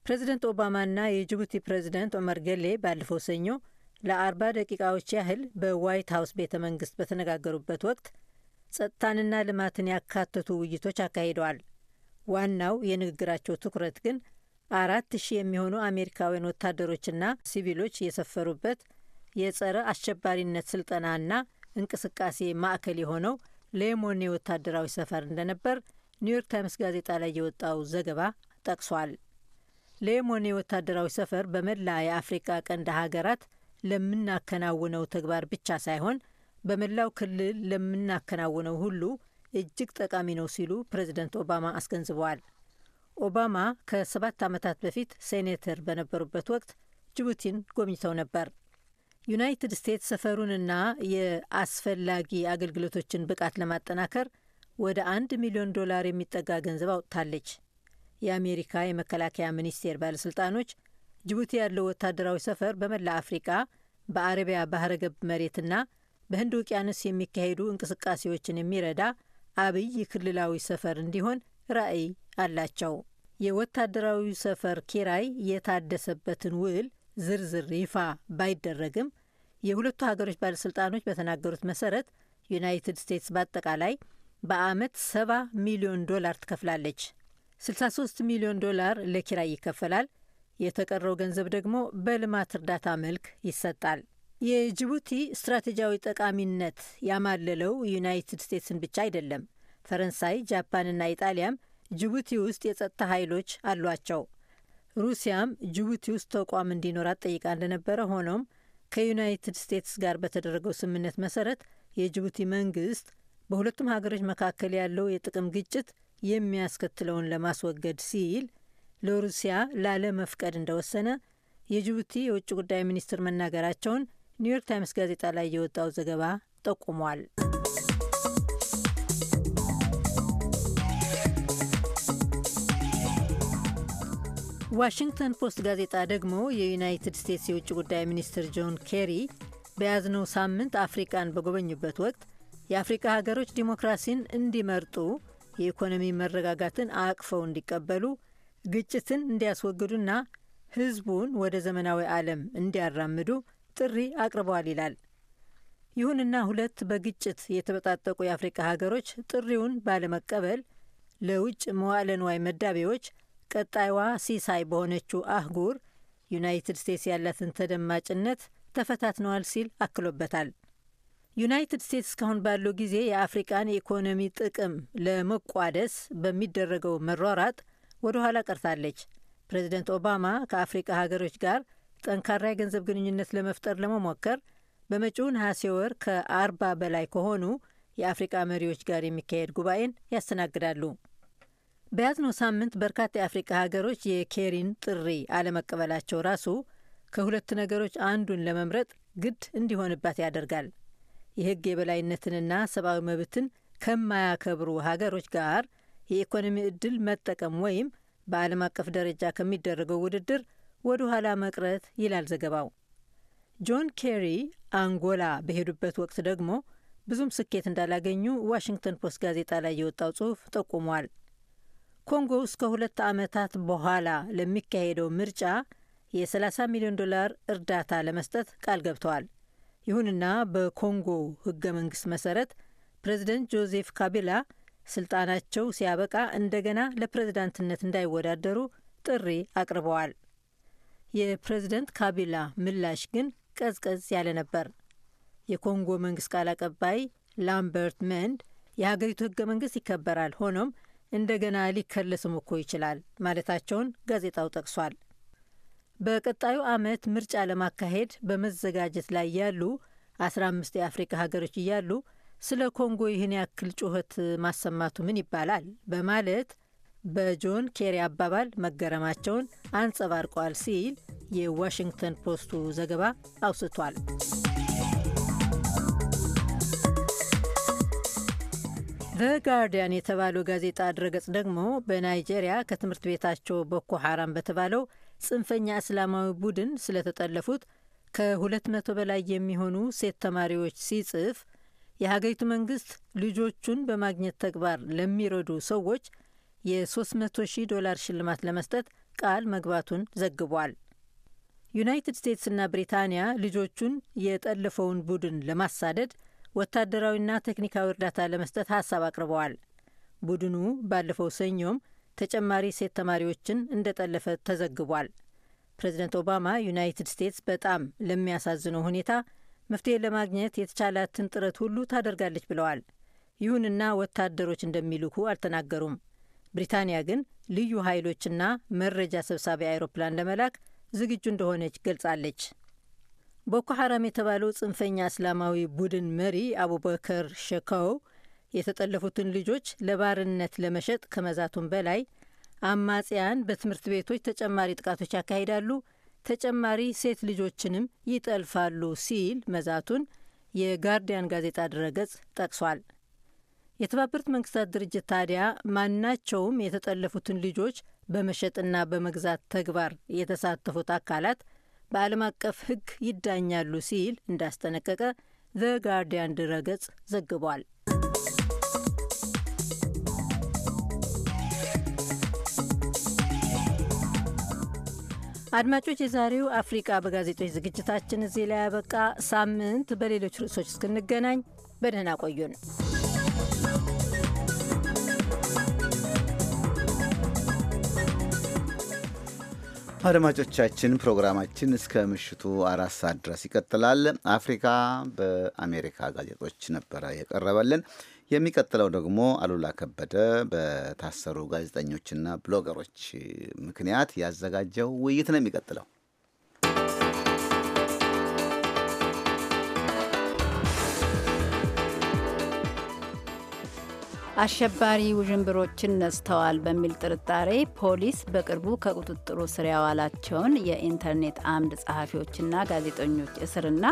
ፕሬዚደንት ኦባማና የጅቡቲ ፕሬዚደንት ዑመር ገሌ ባለፈው ሰኞ ለአርባ ደቂቃዎች ያህል በዋይት ሀውስ ቤተ መንግስት በተነጋገሩበት ወቅት ጸጥታንና ልማትን ያካተቱ ውይይቶች አካሂደዋል። ዋናው የንግግራቸው ትኩረት ግን አራት ሺህ የሚሆኑ አሜሪካውያን ወታደሮችና ሲቪሎች የሰፈሩበት የጸረ አሸባሪነት ስልጠናና እንቅስቃሴ ማዕከል የሆነው ሌሞኔ ወታደራዊ ሰፈር እንደነበር ኒውዮርክ ታይምስ ጋዜጣ ላይ የወጣው ዘገባ ጠቅሷል። ሌሞኔ ወታደራዊ ሰፈር በመላ የአፍሪቃ ቀንድ ሀገራት ለምናከናውነው ተግባር ብቻ ሳይሆን በመላው ክልል ለምናከናውነው ሁሉ እጅግ ጠቃሚ ነው ሲሉ ፕሬዚደንት ኦባማ አስገንዝበዋል። ኦባማ ከሰባት ዓመታት በፊት ሴኔተር በነበሩበት ወቅት ጅቡቲን ጎብኝተው ነበር። ዩናይትድ ስቴትስ ሰፈሩንና የአስፈላጊ አገልግሎቶችን ብቃት ለማጠናከር ወደ አንድ ሚሊዮን ዶላር የሚጠጋ ገንዘብ አውጥታለች። የአሜሪካ የመከላከያ ሚኒስቴር ባለሥልጣኖች ጅቡቲ ያለው ወታደራዊ ሰፈር በመላ አፍሪቃ በአረቢያ ባህረ ገብ መሬትና በህንድ ውቅያንስ የሚካሄዱ እንቅስቃሴዎችን የሚረዳ አብይ ክልላዊ ሰፈር እንዲሆን ራዕይ አላቸው። የወታደራዊ ሰፈር ኪራይ የታደሰበትን ውል ዝርዝር ይፋ ባይደረግም የሁለቱ ሀገሮች ባለሥልጣኖች በተናገሩት መሰረት ዩናይትድ ስቴትስ በአጠቃላይ በአመት 70 ሚሊዮን ዶላር ትከፍላለች። 63 ሚሊዮን ዶላር ለኪራይ ይከፈላል። የተቀረው ገንዘብ ደግሞ በልማት እርዳታ መልክ ይሰጣል። የጅቡቲ ስትራቴጂያዊ ጠቃሚነት ያማለለው ዩናይትድ ስቴትስን ብቻ አይደለም። ፈረንሳይ፣ ጃፓንና ኢጣሊያም ጅቡቲ ውስጥ የጸጥታ ኃይሎች አሏቸው። ሩሲያም ጅቡቲ ውስጥ ተቋም እንዲኖራት ጠይቃ እንደነበረ፣ ሆኖም ከዩናይትድ ስቴትስ ጋር በተደረገው ስምምነት መሰረት የጅቡቲ መንግስት በሁለቱም ሀገሮች መካከል ያለው የጥቅም ግጭት የሚያስከትለውን ለማስወገድ ሲል ለሩሲያ ላለመፍቀድ እንደወሰነ የጅቡቲ የውጭ ጉዳይ ሚኒስትር መናገራቸውን ኒውዮርክ ታይምስ ጋዜጣ ላይ የወጣው ዘገባ ጠቁሟል። ዋሽንግተን ፖስት ጋዜጣ ደግሞ የዩናይትድ ስቴትስ የውጭ ጉዳይ ሚኒስትር ጆን ኬሪ በያዝነው ሳምንት አፍሪቃን በጎበኙበት ወቅት የአፍሪቃ ሀገሮች ዲሞክራሲን እንዲመርጡ፣ የኢኮኖሚ መረጋጋትን አቅፈው እንዲቀበሉ ግጭትን እንዲያስወግዱና ህዝቡን ወደ ዘመናዊ ዓለም እንዲያራምዱ ጥሪ አቅርበዋል ይላል። ይሁንና ሁለት በግጭት የተበጣጠቁ የአፍሪካ ሀገሮች ጥሪውን ባለመቀበል ለውጭ መዋዕለ ንዋይ መዳቢዎች ቀጣይዋ ሲሳይ በሆነችው አህጉር ዩናይትድ ስቴትስ ያላትን ተደማጭነት ተፈታትነዋል ሲል አክሎበታል። ዩናይትድ ስቴትስ እስካሁን ባለው ጊዜ የአፍሪቃን የኢኮኖሚ ጥቅም ለመቋደስ በሚደረገው መሯራጥ ወደ ኋላ ቀርታለች። ፕሬዚደንት ኦባማ ከአፍሪቃ ሀገሮች ጋር ጠንካራ የገንዘብ ግንኙነት ለመፍጠር ለመሞከር በመጪው ነሐሴ ወር ከአርባ በላይ ከሆኑ የአፍሪቃ መሪዎች ጋር የሚካሄድ ጉባኤን ያስተናግዳሉ። በያዝነው ሳምንት በርካታ የአፍሪቃ ሀገሮች የኬሪን ጥሪ አለመቀበላቸው ራሱ ከሁለት ነገሮች አንዱን ለመምረጥ ግድ እንዲሆንባት ያደርጋል። የሕግ የበላይነትንና ሰብአዊ መብትን ከማያከብሩ ሀገሮች ጋር የኢኮኖሚ እድል መጠቀም ወይም በዓለም አቀፍ ደረጃ ከሚደረገው ውድድር ወደ ኋላ መቅረት ይላል ዘገባው። ጆን ኬሪ አንጎላ በሄዱበት ወቅት ደግሞ ብዙም ስኬት እንዳላገኙ ዋሽንግተን ፖስት ጋዜጣ ላይ የወጣው ጽሑፍ ጠቁሟል። ኮንጎ ውስጥ ከሁለት ዓመታት በኋላ ለሚካሄደው ምርጫ የ30 ሚሊዮን ዶላር እርዳታ ለመስጠት ቃል ገብተዋል። ይሁንና በኮንጎ ሕገ መንግሥት መሠረት ፕሬዚደንት ጆዜፍ ካቢላ ስልጣናቸው ሲያበቃ እንደገና ለፕሬዝዳንትነት እንዳይወዳደሩ ጥሪ አቅርበዋል። የፕሬዝደንት ካቢላ ምላሽ ግን ቀዝቀዝ ያለ ነበር። የኮንጎ መንግስት ቃል አቀባይ ላምበርት መንድ የሀገሪቱ ህገ መንግስት ይከበራል፣ ሆኖም እንደገና ሊከለስም እኮ ይችላል ማለታቸውን ጋዜጣው ጠቅሷል። በቀጣዩ ዓመት ምርጫ ለማካሄድ በመዘጋጀት ላይ ያሉ አስራ አምስት የአፍሪካ ሀገሮች እያሉ ስለ ኮንጎ ይህን ያክል ጩኸት ማሰማቱ ምን ይባላል በማለት በጆን ኬሪ አባባል መገረማቸውን አንጸባርቋል ሲል የዋሽንግተን ፖስቱ ዘገባ አውስቷል። ዘ ጋርዲያን የተባለው ጋዜጣ ድረገጽ ደግሞ በናይጄሪያ ከትምህርት ቤታቸው ቦኮ ሐራም በተባለው ጽንፈኛ እስላማዊ ቡድን ስለተጠለፉት ከ200 በላይ የሚሆኑ ሴት ተማሪዎች ሲጽፍ የሀገሪቱ መንግስት ልጆቹን በማግኘት ተግባር ለሚረዱ ሰዎች የ300 ሺህ ዶላር ሽልማት ለመስጠት ቃል መግባቱን ዘግቧል። ዩናይትድ ስቴትስና ብሪታንያ ልጆቹን የጠለፈውን ቡድን ለማሳደድ ወታደራዊና ቴክኒካዊ እርዳታ ለመስጠት ሀሳብ አቅርበዋል። ቡድኑ ባለፈው ሰኞም ተጨማሪ ሴት ተማሪዎችን እንደጠለፈ ተዘግቧል። ፕሬዚደንት ኦባማ ዩናይትድ ስቴትስ በጣም ለሚያሳዝነው ሁኔታ መፍትሄ ለማግኘት የተቻላትን ጥረት ሁሉ ታደርጋለች ብለዋል። ይሁንና ወታደሮች እንደሚልኩ አልተናገሩም። ብሪታንያ ግን ልዩ ኃይሎችና መረጃ ሰብሳቢ አይሮፕላን ለመላክ ዝግጁ እንደሆነች ገልጻለች። ቦኮ ሐራም የተባለው ጽንፈኛ እስላማዊ ቡድን መሪ አቡበከር ሸካው የተጠለፉትን ልጆች ለባርነት ለመሸጥ ከመዛቱም በላይ አማጽያን በትምህርት ቤቶች ተጨማሪ ጥቃቶች ያካሂዳሉ ተጨማሪ ሴት ልጆችንም ይጠልፋሉ ሲል መዛቱን የጋርዲያን ጋዜጣ ድረገጽ ጠቅሷል። የተባበሩት መንግስታት ድርጅት ታዲያ ማናቸውም የተጠለፉትን ልጆች በመሸጥና በመግዛት ተግባር የተሳተፉት አካላት በዓለም አቀፍ ሕግ ይዳኛሉ ሲል እንዳስጠነቀቀ ዘ ጋርዲያን ድረገጽ ዘግቧል። አድማጮች፣ የዛሬው አፍሪቃ በጋዜጦች ዝግጅታችን እዚህ ላይ ያበቃ። ሳምንት በሌሎች ርዕሶች እስክንገናኝ በደህና ቆዩን። አድማጮቻችን ፕሮግራማችን እስከ ምሽቱ አራት ሰዓት ድረስ ይቀጥላል። አፍሪካ በአሜሪካ ጋዜጦች ነበረ የቀረበልን። የሚቀጥለው ደግሞ አሉላ ከበደ በታሰሩ ጋዜጠኞችና ብሎገሮች ምክንያት ያዘጋጀው ውይይት ነው የሚቀጥለው። አሸባሪ ውዥንብሮችን ነስተዋል በሚል ጥርጣሬ ፖሊስ በቅርቡ ከቁጥጥሩ ስር ያዋላቸውን የኢንተርኔት አምድ ጸሐፊዎችና ጋዜጠኞች እስርና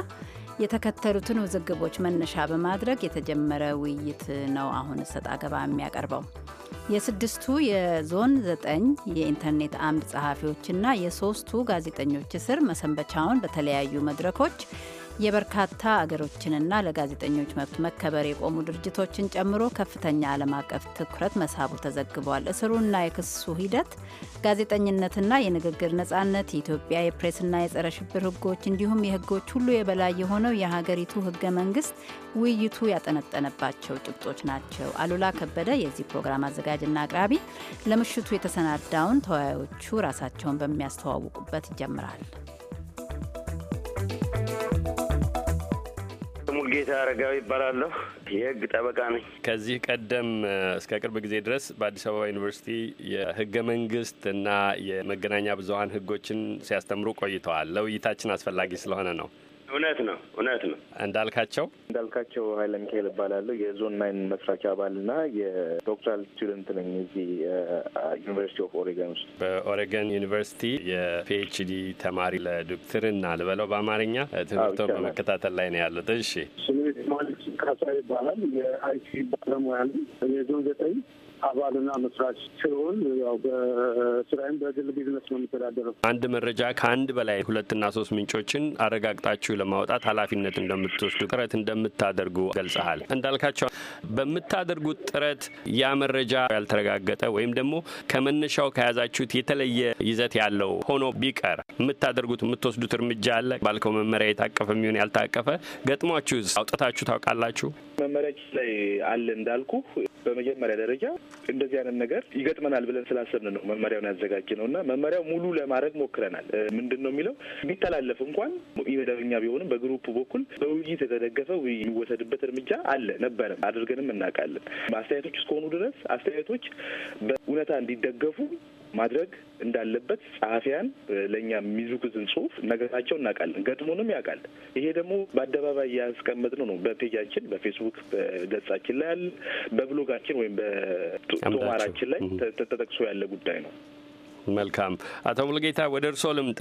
የተከተሉትን ውዝግቦች መነሻ በማድረግ የተጀመረ ውይይት ነው። አሁን እሰጥ አገባ የሚያቀርበው የስድስቱ የዞን ዘጠኝ የኢንተርኔት አምድ ጸሐፊዎችና የሶስቱ ጋዜጠኞች እስር መሰንበቻውን በተለያዩ መድረኮች የበርካታ አገሮችንና ለጋዜጠኞች መብት መከበር የቆሙ ድርጅቶችን ጨምሮ ከፍተኛ ዓለም አቀፍ ትኩረት መሳቡ ተዘግቧል። እስሩና የክሱ ሂደት ጋዜጠኝነትና የንግግር ነጻነት፣ የኢትዮጵያ የፕሬስና የጸረ ሽብር ህጎች እንዲሁም የህጎች ሁሉ የበላይ የሆነው የሀገሪቱ ህገ መንግስት ውይይቱ ያጠነጠነባቸው ጭብጦች ናቸው። አሉላ ከበደ የዚህ ፕሮግራም አዘጋጅና አቅራቢ ለምሽቱ የተሰናዳውን ተወያዮቹ ራሳቸውን በሚያስተዋውቁበት ይጀምራል። ሙልጌታ አረጋዊ ይባላለሁ። የህግ ጠበቃ ነኝ። ከዚህ ቀደም እስከ ቅርብ ጊዜ ድረስ በአዲስ አበባ ዩኒቨርሲቲ የህገ መንግስት እና የመገናኛ ብዙሀን ህጎችን ሲያስተምሩ ቆይተዋል። ለውይይታችን አስፈላጊ ስለሆነ ነው እውነት ነው እውነት ነው። እንዳልካቸው እንዳልካቸው ኃይለ ሚካኤል እባላለሁ የዞን ናይን መስራች አባልና የዶክትራል ስቱደንት ነኝ እዚህ ዩኒቨርሲቲ ኦፍ ኦሬገን ውስጥ በኦሬገን ዩኒቨርሲቲ የፒኤችዲ ተማሪ ለዶክትርና ልበለው በአማርኛ ትምህርቶ በመከታተል ላይ ነው ያሉት። እሺ ስሜ ማሊክ ካሳ ይባላል። የአይቲ ባለሙያ ነው የዞን ዘጠኝ አባልና መስራች ሲሆን ያው በስራይም በግል ቢዝነስ ነው የሚተዳደረው። አንድ መረጃ ከአንድ በላይ ሁለትና ሶስት ምንጮችን አረጋግጣችሁ ለማውጣት ኃላፊነት እንደምትወስዱ ጥረት እንደምታደርጉ ገልጸሃል። እንዳልካቸው በምታደርጉት ጥረት ያ መረጃ ያልተረጋገጠ ወይም ደግሞ ከመነሻው ከያዛችሁት የተለየ ይዘት ያለው ሆኖ ቢቀር የምታደርጉት የምትወስዱት እርምጃ አለ ባልከው መመሪያ የታቀፈ የሚሆን ያልታቀፈ ገጥሟችሁ አውጥታችሁ ታውቃላችሁ? መመሪያ ላይ አለ እንዳልኩ በመጀመሪያ ደረጃ እንደዚህ አይነት ነገር ይገጥመናል ብለን ስላሰብን ነው መመሪያውን ያዘጋጅ ነው እና መመሪያው ሙሉ ለማድረግ ሞክረናል። ምንድን ነው የሚለው ቢተላለፍ እንኳን ኢመደበኛ ቢሆንም በግሩፕ በኩል በውይይት የተደገፈ የሚወሰድበት እርምጃ አለ ነበረም አድርገንም እናውቃለን። አስተያየቶች እስከሆኑ ድረስ አስተያየቶች በእውነታ እንዲደገፉ ማድረግ እንዳለበት ጸሐፊያን ለእኛ የሚዙኩትን ጽሁፍ ነገራቸው እናውቃለን፣ ገጥሞንም ያውቃል። ይሄ ደግሞ በአደባባይ ያስቀመጥነው ነው። በፔጃችን በፌስቡክ ገጻችን ላይ ያለ፣ በብሎጋችን ወይም በቶማራችን ላይ ተጠቅሶ ያለ ጉዳይ ነው። መልካም አቶ ሙልጌታ ወደ እርስዎ ልምጣ።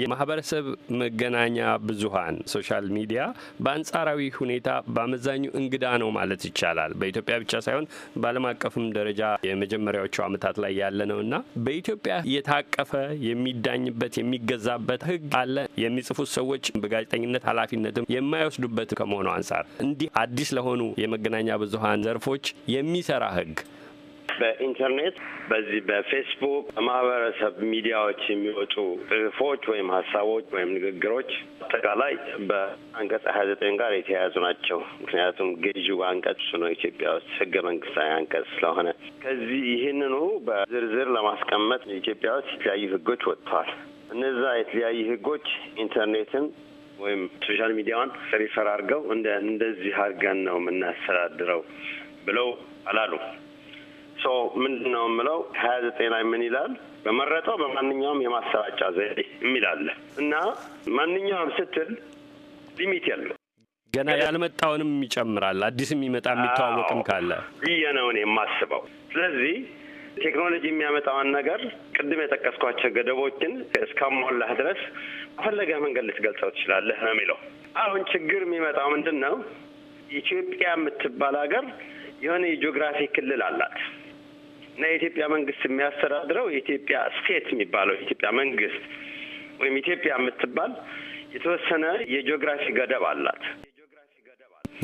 የማህበረሰብ መገናኛ ብዙሀን ሶሻል ሚዲያ በአንጻራዊ ሁኔታ በአመዛኙ እንግዳ ነው ማለት ይቻላል። በኢትዮጵያ ብቻ ሳይሆን በአለም አቀፍም ደረጃ የመጀመሪያዎቹ ዓመታት ላይ ያለ ነው እና በኢትዮጵያ የታቀፈ የሚዳኝበት የሚገዛበት ህግ አለ። የሚጽፉት ሰዎች በጋዜጠኝነት ሀላፊነትም የማይወስዱበት ከመሆኑ አንጻር እንዲህ አዲስ ለሆኑ የመገናኛ ብዙሀን ዘርፎች የሚሰራ ህግ በኢንተርኔት በዚህ በፌስቡክ በማህበረሰብ ሚዲያዎች የሚወጡ ጽሁፎች ወይም ሀሳቦች ወይም ንግግሮች አጠቃላይ በአንቀጽ ሀያ ዘጠኝ ጋር የተያያዙ ናቸው። ምክንያቱም ገዢው አንቀጽ እሱ ነው ኢትዮጵያ ውስጥ ህገ መንግስታዊ አንቀጽ ስለሆነ ከዚህ ይህንኑ በዝርዝር ለማስቀመጥ ኢትዮጵያ ውስጥ የተለያዩ ህጎች ወጥተዋል። እነዛ የተለያዩ ህጎች ኢንተርኔትን ወይም ሶሻል ሚዲያዋን ሪፈር አድርገው እንደ እንደዚህ አድርገን ነው የምናስተዳድረው ብለው አላሉ። ሶ ምንድን ነው የምለው ሀያ ዘጠኝ ላይ ምን ይላል? በመረጠው በማንኛውም የማሰራጫ ዘዴ የሚላለ እና ማንኛውም ስትል ሊሚት ያለ ገና ያልመጣውንም ይጨምራል። አዲስ የሚመጣ የሚተዋወቅም ካለ ብዬ ነው እኔ የማስበው። ስለዚህ ቴክኖሎጂ የሚያመጣውን ነገር ቅድም የጠቀስኳቸው ገደቦችን እስካሟላህ ድረስ በፈለገ መንገድ ልትገልጸው ትችላለህ ነው የሚለው። አሁን ችግር የሚመጣው ምንድን ነው? ኢትዮጵያ የምትባል ሀገር የሆነ የጂኦግራፊ ክልል አላት። እና የኢትዮጵያ መንግስት የሚያስተዳድረው የኢትዮጵያ ስቴት የሚባለው የኢትዮጵያ መንግስት ወይም ኢትዮጵያ የምትባል የተወሰነ የጂኦግራፊ ገደብ አላት።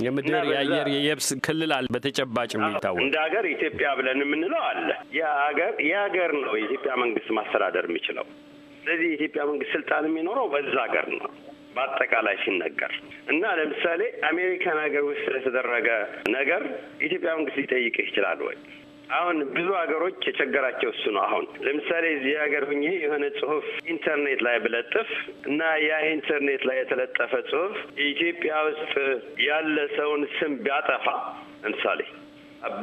የምድር የአየር የየብስ ክልል አለ። በተጨባጭ የሚታወቅ እንደ ሀገር ኢትዮጵያ ብለን የምንለው አለ። የሀገር የሀገር ነው የኢትዮጵያ መንግስት ማስተዳደር የሚችለው። ስለዚህ የኢትዮጵያ መንግስት ስልጣን የሚኖረው በዛ ሀገር ነው በአጠቃላይ ሲነገር እና ለምሳሌ አሜሪካን ሀገር ውስጥ ስለተደረገ ነገር ኢትዮጵያ መንግስት ሊጠይቅህ ይችላል ወይ? አሁን ብዙ ሀገሮች የቸገራቸው እሱ ነው። አሁን ለምሳሌ እዚህ ሀገር ሁኜ የሆነ ጽሁፍ ኢንተርኔት ላይ ብለጥፍ እና ያ ኢንተርኔት ላይ የተለጠፈ ጽሁፍ ኢትዮጵያ ውስጥ ያለ ሰውን ስም ቢያጠፋ ለምሳሌ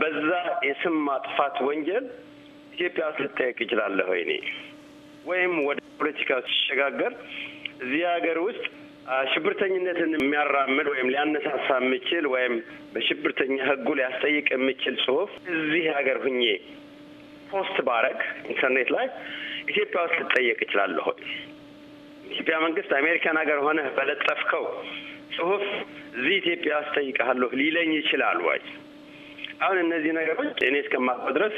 በዛ የስም ማጥፋት ወንጀል ኢትዮጵያ ውስጥ ልጠየቅ ይችላለሁ ወይ? እኔ ወይም ወደ ፖለቲካ ሲሸጋገር እዚህ ሀገር ውስጥ ሽብርተኝነትን የሚያራምድ ወይም ሊያነሳሳ የምችል ወይም በሽብርተኛ ህጉ ሊያስጠይቅ የምችል ጽሁፍ እዚህ ሀገር ሁኜ ፖስት ባረግ ኢንተርኔት ላይ ኢትዮጵያ ውስጥ ልጠየቅ እችላለሁ። ኢትዮጵያ መንግስት አሜሪካን ሀገር ሆነ በለጠፍከው ጽሁፍ እዚህ ኢትዮጵያ ውስጥ ጠይቀሃለሁ ሊለኝ ይችላል ወይ? አሁን እነዚህ ነገሮች እኔ እስከማውቀው ድረስ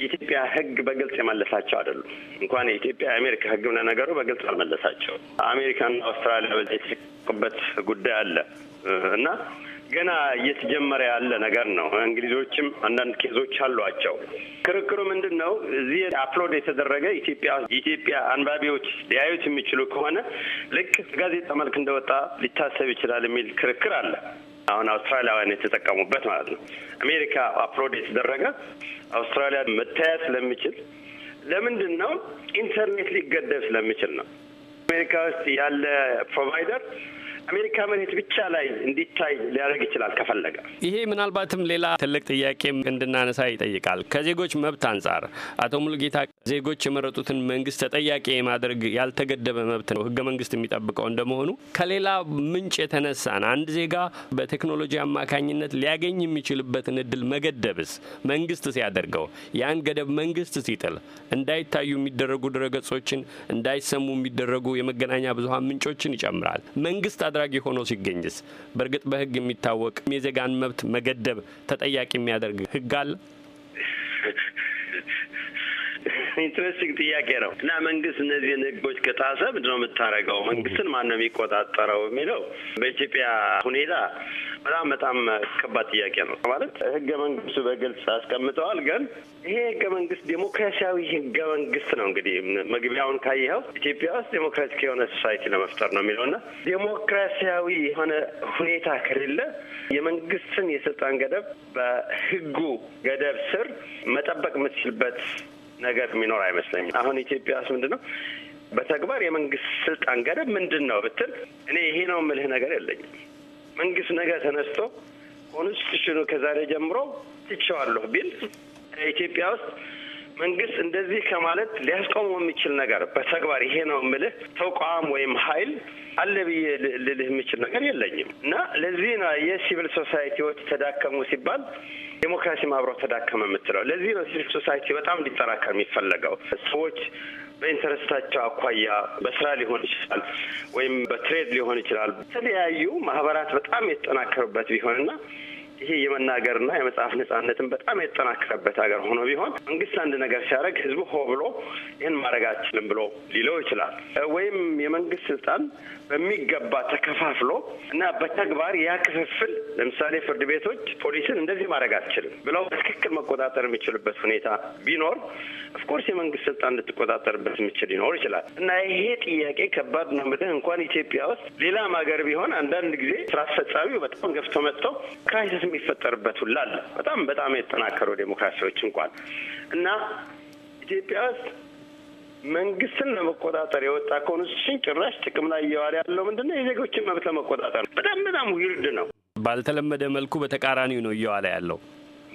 የኢትዮጵያ ህግ በግልጽ የመለሳቸው አይደሉም። እንኳን የኢትዮጵያ የአሜሪካ ህግ ምነ ነገሩ በግልጽ አልመለሳቸው። አሜሪካና አውስትራሊያ በዛ የተሸበት ጉዳይ አለ እና ገና እየተጀመረ ያለ ነገር ነው። እንግሊዞችም አንዳንድ ኬዞች አሏቸው። ክርክሩ ምንድን ነው? እዚህ አፕሎድ የተደረገ ኢትዮጵያ የኢትዮጵያ አንባቢዎች ሊያዩት የሚችሉ ከሆነ ልክ ጋዜጣ መልክ እንደወጣ ሊታሰብ ይችላል የሚል ክርክር አለ። አሁን አውስትራሊያውያን የተጠቀሙበት ማለት ነው። አሜሪካ አፕሮድ የተደረገ አውስትራሊያ መታየት ስለሚችል ለምንድን ነው ኢንተርኔት ሊገደብ ስለሚችል ነው። አሜሪካ ውስጥ ያለ ፕሮቫይደር አሜሪካ መሬት ብቻ ላይ እንዲታይ ሊያደርግ ይችላል ከፈለገ። ይሄ ምናልባትም ሌላ ትልቅ ጥያቄም እንድናነሳ ይጠይቃል። ከዜጎች መብት አንጻር አቶ ሙሉጌታ ዜጎች የመረጡትን መንግስት ተጠያቂ የማድረግ ያልተገደበ መብት ነው ህገ መንግስት የሚጠብቀው እንደመሆኑ ከሌላ ምንጭ የተነሳን አንድ ዜጋ በቴክኖሎጂ አማካኝነት ሊያገኝ የሚችልበትን እድል መገደብስ መንግስት ሲያደርገው ያን ገደብ መንግስት ሲጥል እንዳይታዩ የሚደረጉ ድረገጾችን እንዳይሰሙ የሚደረጉ የመገናኛ ብዙሀን ምንጮችን ይጨምራል መንግስት አድራጊ ሆኖ ሲገኝስ በእርግጥ በህግ የሚታወቅ የዜጋን መብት መገደብ ተጠያቂ የሚያደርግ ህግ አለ? ኢንትረስቲንግ ጥያቄ ነው እና መንግስት እነዚህን ህጎች ከጣሰ ምንድን ነው የምታደርገው? መንግስትን ማን ነው የሚቆጣጠረው የሚለው በኢትዮጵያ ሁኔታ በጣም በጣም ከባድ ጥያቄ ነው። ማለት ህገ መንግስቱ በግልጽ አስቀምጠዋል። ግን ይሄ ህገ መንግስት ዴሞክራሲያዊ ህገ መንግስት ነው። እንግዲህ መግቢያውን ካየኸው ኢትዮጵያ ውስጥ ዴሞክራቲክ የሆነ ሶሳይቲ ለመፍጠር ነው የሚለው እና ዴሞክራሲያዊ የሆነ ሁኔታ ከሌለ የመንግስትን የስልጣን ገደብ በህጉ ገደብ ስር መጠበቅ የምትችልበት ነገር የሚኖር አይመስለኝም። አሁን ኢትዮጵያ ውስጥ ምንድን ነው በተግባር የመንግስት ስልጣን ገደብ ምንድን ነው ብትል እኔ ይሄ ነው የምልህ ነገር የለኝም። መንግስት ነገር ተነስቶ ኮንስቲቱሽኑ ከዛሬ ጀምሮ ትቸዋለሁ ቢል ኢትዮጵያ ውስጥ መንግስት እንደዚህ ከማለት ሊያስቆመው የሚችል ነገር በተግባር ይሄ ነው የምልህ ተቋም ወይም ኃይል አለ ብዬ ልልህ የምችል ነገር የለኝም እና ለዚህ ነው የሲቪል ሶሳይቲዎች ተዳከሙ ሲባል ዴሞክራሲ አብረው ተዳከመ የምትለው ለዚህ ነው ሲቪል ሶሳይቲ በጣም እንዲጠናከር የሚፈለገው ሰዎች በኢንተረስታቸው አኳያ በስራ ሊሆን ይችላል ወይም በትሬድ ሊሆን ይችላል የተለያዩ ማህበራት በጣም የተጠናከሩበት ቢሆንና ይሄ የመናገርና የመጽሐፍ ነጻነትን በጣም የተጠናከረበት ሀገር ሆኖ ቢሆን መንግስት አንድ ነገር ሲያደርግ ህዝቡ ሆ ብሎ ይህን ማድረግ አችልም ብሎ ሊለው ይችላል። ወይም የመንግስት ስልጣን በሚገባ ተከፋፍሎ እና በተግባር ያ ክፍፍል ለምሳሌ ፍርድ ቤቶች ፖሊስን እንደዚህ ማድረግ አትችልም ብለው በትክክል መቆጣጠር የሚችልበት ሁኔታ ቢኖር ኦፍኮርስ የመንግስት ስልጣን ልትቆጣጠርበት የሚችል ሊኖር ይችላል እና ይሄ ጥያቄ ከባድ ነው ምልህ እንኳን ኢትዮጵያ ውስጥ ሌላም ሀገር ቢሆን አንዳንድ ጊዜ ስራ አስፈጻሚው በጣም ገፍቶ መጥቶ ክራይሲስ የሚፈጠርበት ሁላ አለ። በጣም በጣም የተጠናከሩ ዴሞክራሲዎች እንኳን እና ኢትዮጵያ ውስጥ መንግስትን ለመቆጣጠር የወጣ ኮንስቲቱሽን ጭራሽ ጥቅም ላይ እየዋለ ያለው ነው? የዜጎችን መብት ለመቆጣጠር ነው። በጣም በጣም ዊርድ ነው። ባልተለመደ መልኩ በተቃራኒው ነው እየዋለ ያለው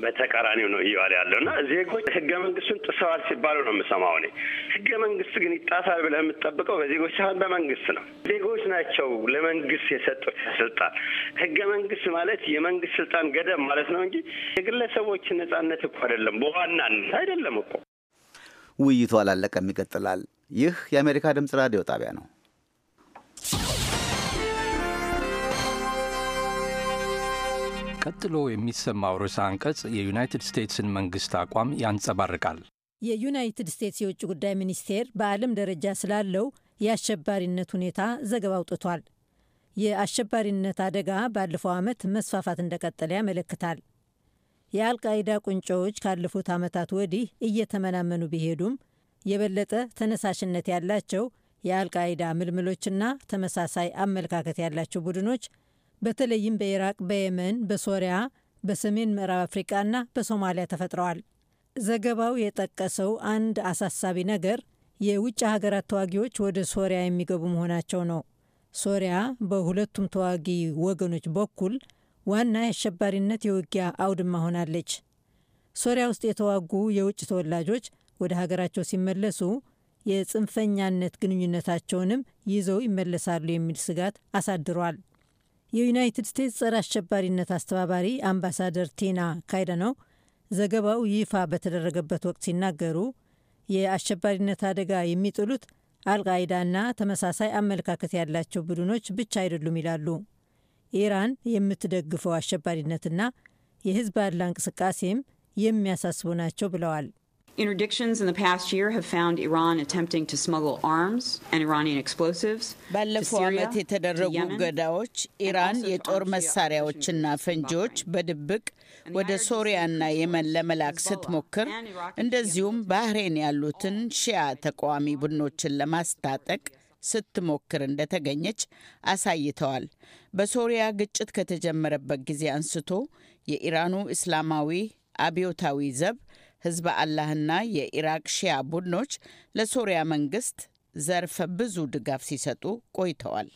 በተቃራኒው ነው እየዋለ ያለው እና ዜጎች ህገ መንግስቱን ጥሰዋል ሲባሉ ነው የምሰማው እኔ። ህገ መንግስት ግን ይጣሳል ብለህ የምጠብቀው በዜጎች ሳይሆን በመንግስት ነው። ዜጎች ናቸው ለመንግስት የሰጡት ስልጣን። ህገ መንግስት ማለት የመንግስት ስልጣን ገደብ ማለት ነው እንጂ የግለሰቦችን ነጻነት እኮ አይደለም፣ በዋናነት አይደለም እኮ ውይይቱ አላለቀም፣ ይቀጥላል። ይህ የአሜሪካ ድምፅ ራዲዮ ጣቢያ ነው። ቀጥሎ የሚሰማው ርዕሰ አንቀጽ የዩናይትድ ስቴትስን መንግስት አቋም ያንጸባርቃል። የዩናይትድ ስቴትስ የውጭ ጉዳይ ሚኒስቴር በዓለም ደረጃ ስላለው የአሸባሪነት ሁኔታ ዘገባ አውጥቷል። የአሸባሪነት አደጋ ባለፈው ዓመት መስፋፋት እንደቀጠለ ያመለክታል። የአልቃይዳ ቁንጮዎች ካለፉት ዓመታት ወዲህ እየተመናመኑ ቢሄዱም የበለጠ ተነሳሽነት ያላቸው የአልቃይዳ ምልምሎችና ተመሳሳይ አመለካከት ያላቸው ቡድኖች በተለይም በኢራቅ፣ በየመን፣ በሶሪያ፣ በሰሜን ምዕራብ አፍሪቃና በሶማሊያ ተፈጥረዋል። ዘገባው የጠቀሰው አንድ አሳሳቢ ነገር የውጭ ሀገራት ተዋጊዎች ወደ ሶሪያ የሚገቡ መሆናቸው ነው። ሶሪያ በሁለቱም ተዋጊ ወገኖች በኩል ዋና የአሸባሪነት የውጊያ አውድማ ሆናለች። ሶሪያ ውስጥ የተዋጉ የውጭ ተወላጆች ወደ ሀገራቸው ሲመለሱ የጽንፈኛነት ግንኙነታቸውንም ይዘው ይመለሳሉ የሚል ስጋት አሳድሯል። የዩናይትድ ስቴትስ ጸረ አሸባሪነት አስተባባሪ አምባሳደር ቲና ካይደ ነው ዘገባው ይፋ በተደረገበት ወቅት ሲናገሩ የአሸባሪነት አደጋ የሚጥሉት አልቃይዳና ተመሳሳይ አመለካከት ያላቸው ቡድኖች ብቻ አይደሉም ይላሉ። ኢራን የምትደግፈው አሸባሪነትና የህዝብ አድላ እንቅስቃሴም የሚያሳስቡ ናቸው ብለዋል። ባለፈው ዓመት የተደረጉ ገዳዎች ኢራን የጦር መሳሪያዎችና ፈንጂዎች በድብቅ ወደ ሶሪያና የመን ለመላክ ስትሞክር፣ እንደዚሁም ባህሬን ያሉትን ሺያ ተቃዋሚ ቡድኖችን ለማስታጠቅ ስትሞክር እንደተገኘች አሳይተዋል። በሶሪያ ግጭት ከተጀመረበት ጊዜ አንስቶ የኢራኑ እስላማዊ አብዮታዊ ዘብ ህዝበ አላህና የኢራቅ ሺያ ቡድኖች ለሶሪያ መንግስት ዘርፈ ብዙ ድጋፍ ሲሰጡ ቆይተዋል።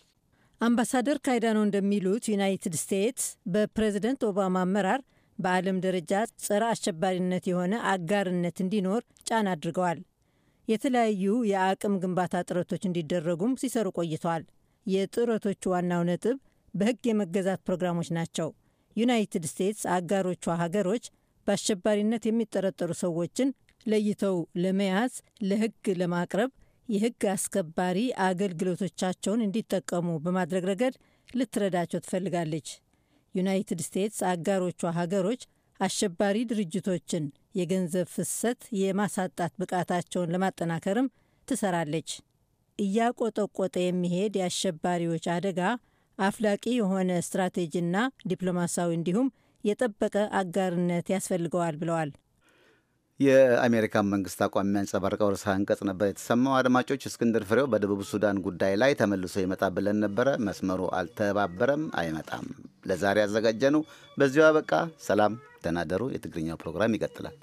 አምባሳደር ካይዳኖ እንደሚሉት ዩናይትድ ስቴትስ በፕሬዝደንት ኦባማ አመራር በዓለም ደረጃ ጸረ አሸባሪነት የሆነ አጋርነት እንዲኖር ጫና አድርገዋል። የተለያዩ የአቅም ግንባታ ጥረቶች እንዲደረጉም ሲሰሩ ቆይተዋል። የጥረቶቹ ዋናው ነጥብ በሕግ የመገዛት ፕሮግራሞች ናቸው። ዩናይትድ ስቴትስ አጋሮቿ ሀገሮች በአሸባሪነት የሚጠረጠሩ ሰዎችን ለይተው ለመያዝ ለሕግ ለማቅረብ የሕግ አስከባሪ አገልግሎቶቻቸውን እንዲጠቀሙ በማድረግ ረገድ ልትረዳቸው ትፈልጋለች። ዩናይትድ ስቴትስ አጋሮቿ ሀገሮች አሸባሪ ድርጅቶችን የገንዘብ ፍሰት የማሳጣት ብቃታቸውን ለማጠናከርም ትሰራለች። እያቆጠቆጠ የሚሄድ የአሸባሪዎች አደጋ አፍላቂ የሆነ ስትራቴጂና ዲፕሎማሲያዊ እንዲሁም የጠበቀ አጋርነት ያስፈልገዋል ብለዋል። የአሜሪካን መንግስት አቋም የሚያንጸባርቀው ርዕሰ አንቀጽ ነበር የተሰማው። አድማጮች፣ እስክንድር ፍሬው በደቡብ ሱዳን ጉዳይ ላይ ተመልሶ ይመጣ ብለን ነበረ። መስመሩ አልተባበረም፣ አይመጣም። ለዛሬ ያዘጋጀ ነው በዚሁ አበቃ። ሰላም። ደህና የትግርኛው ፕሮግራም ይቀጥላል።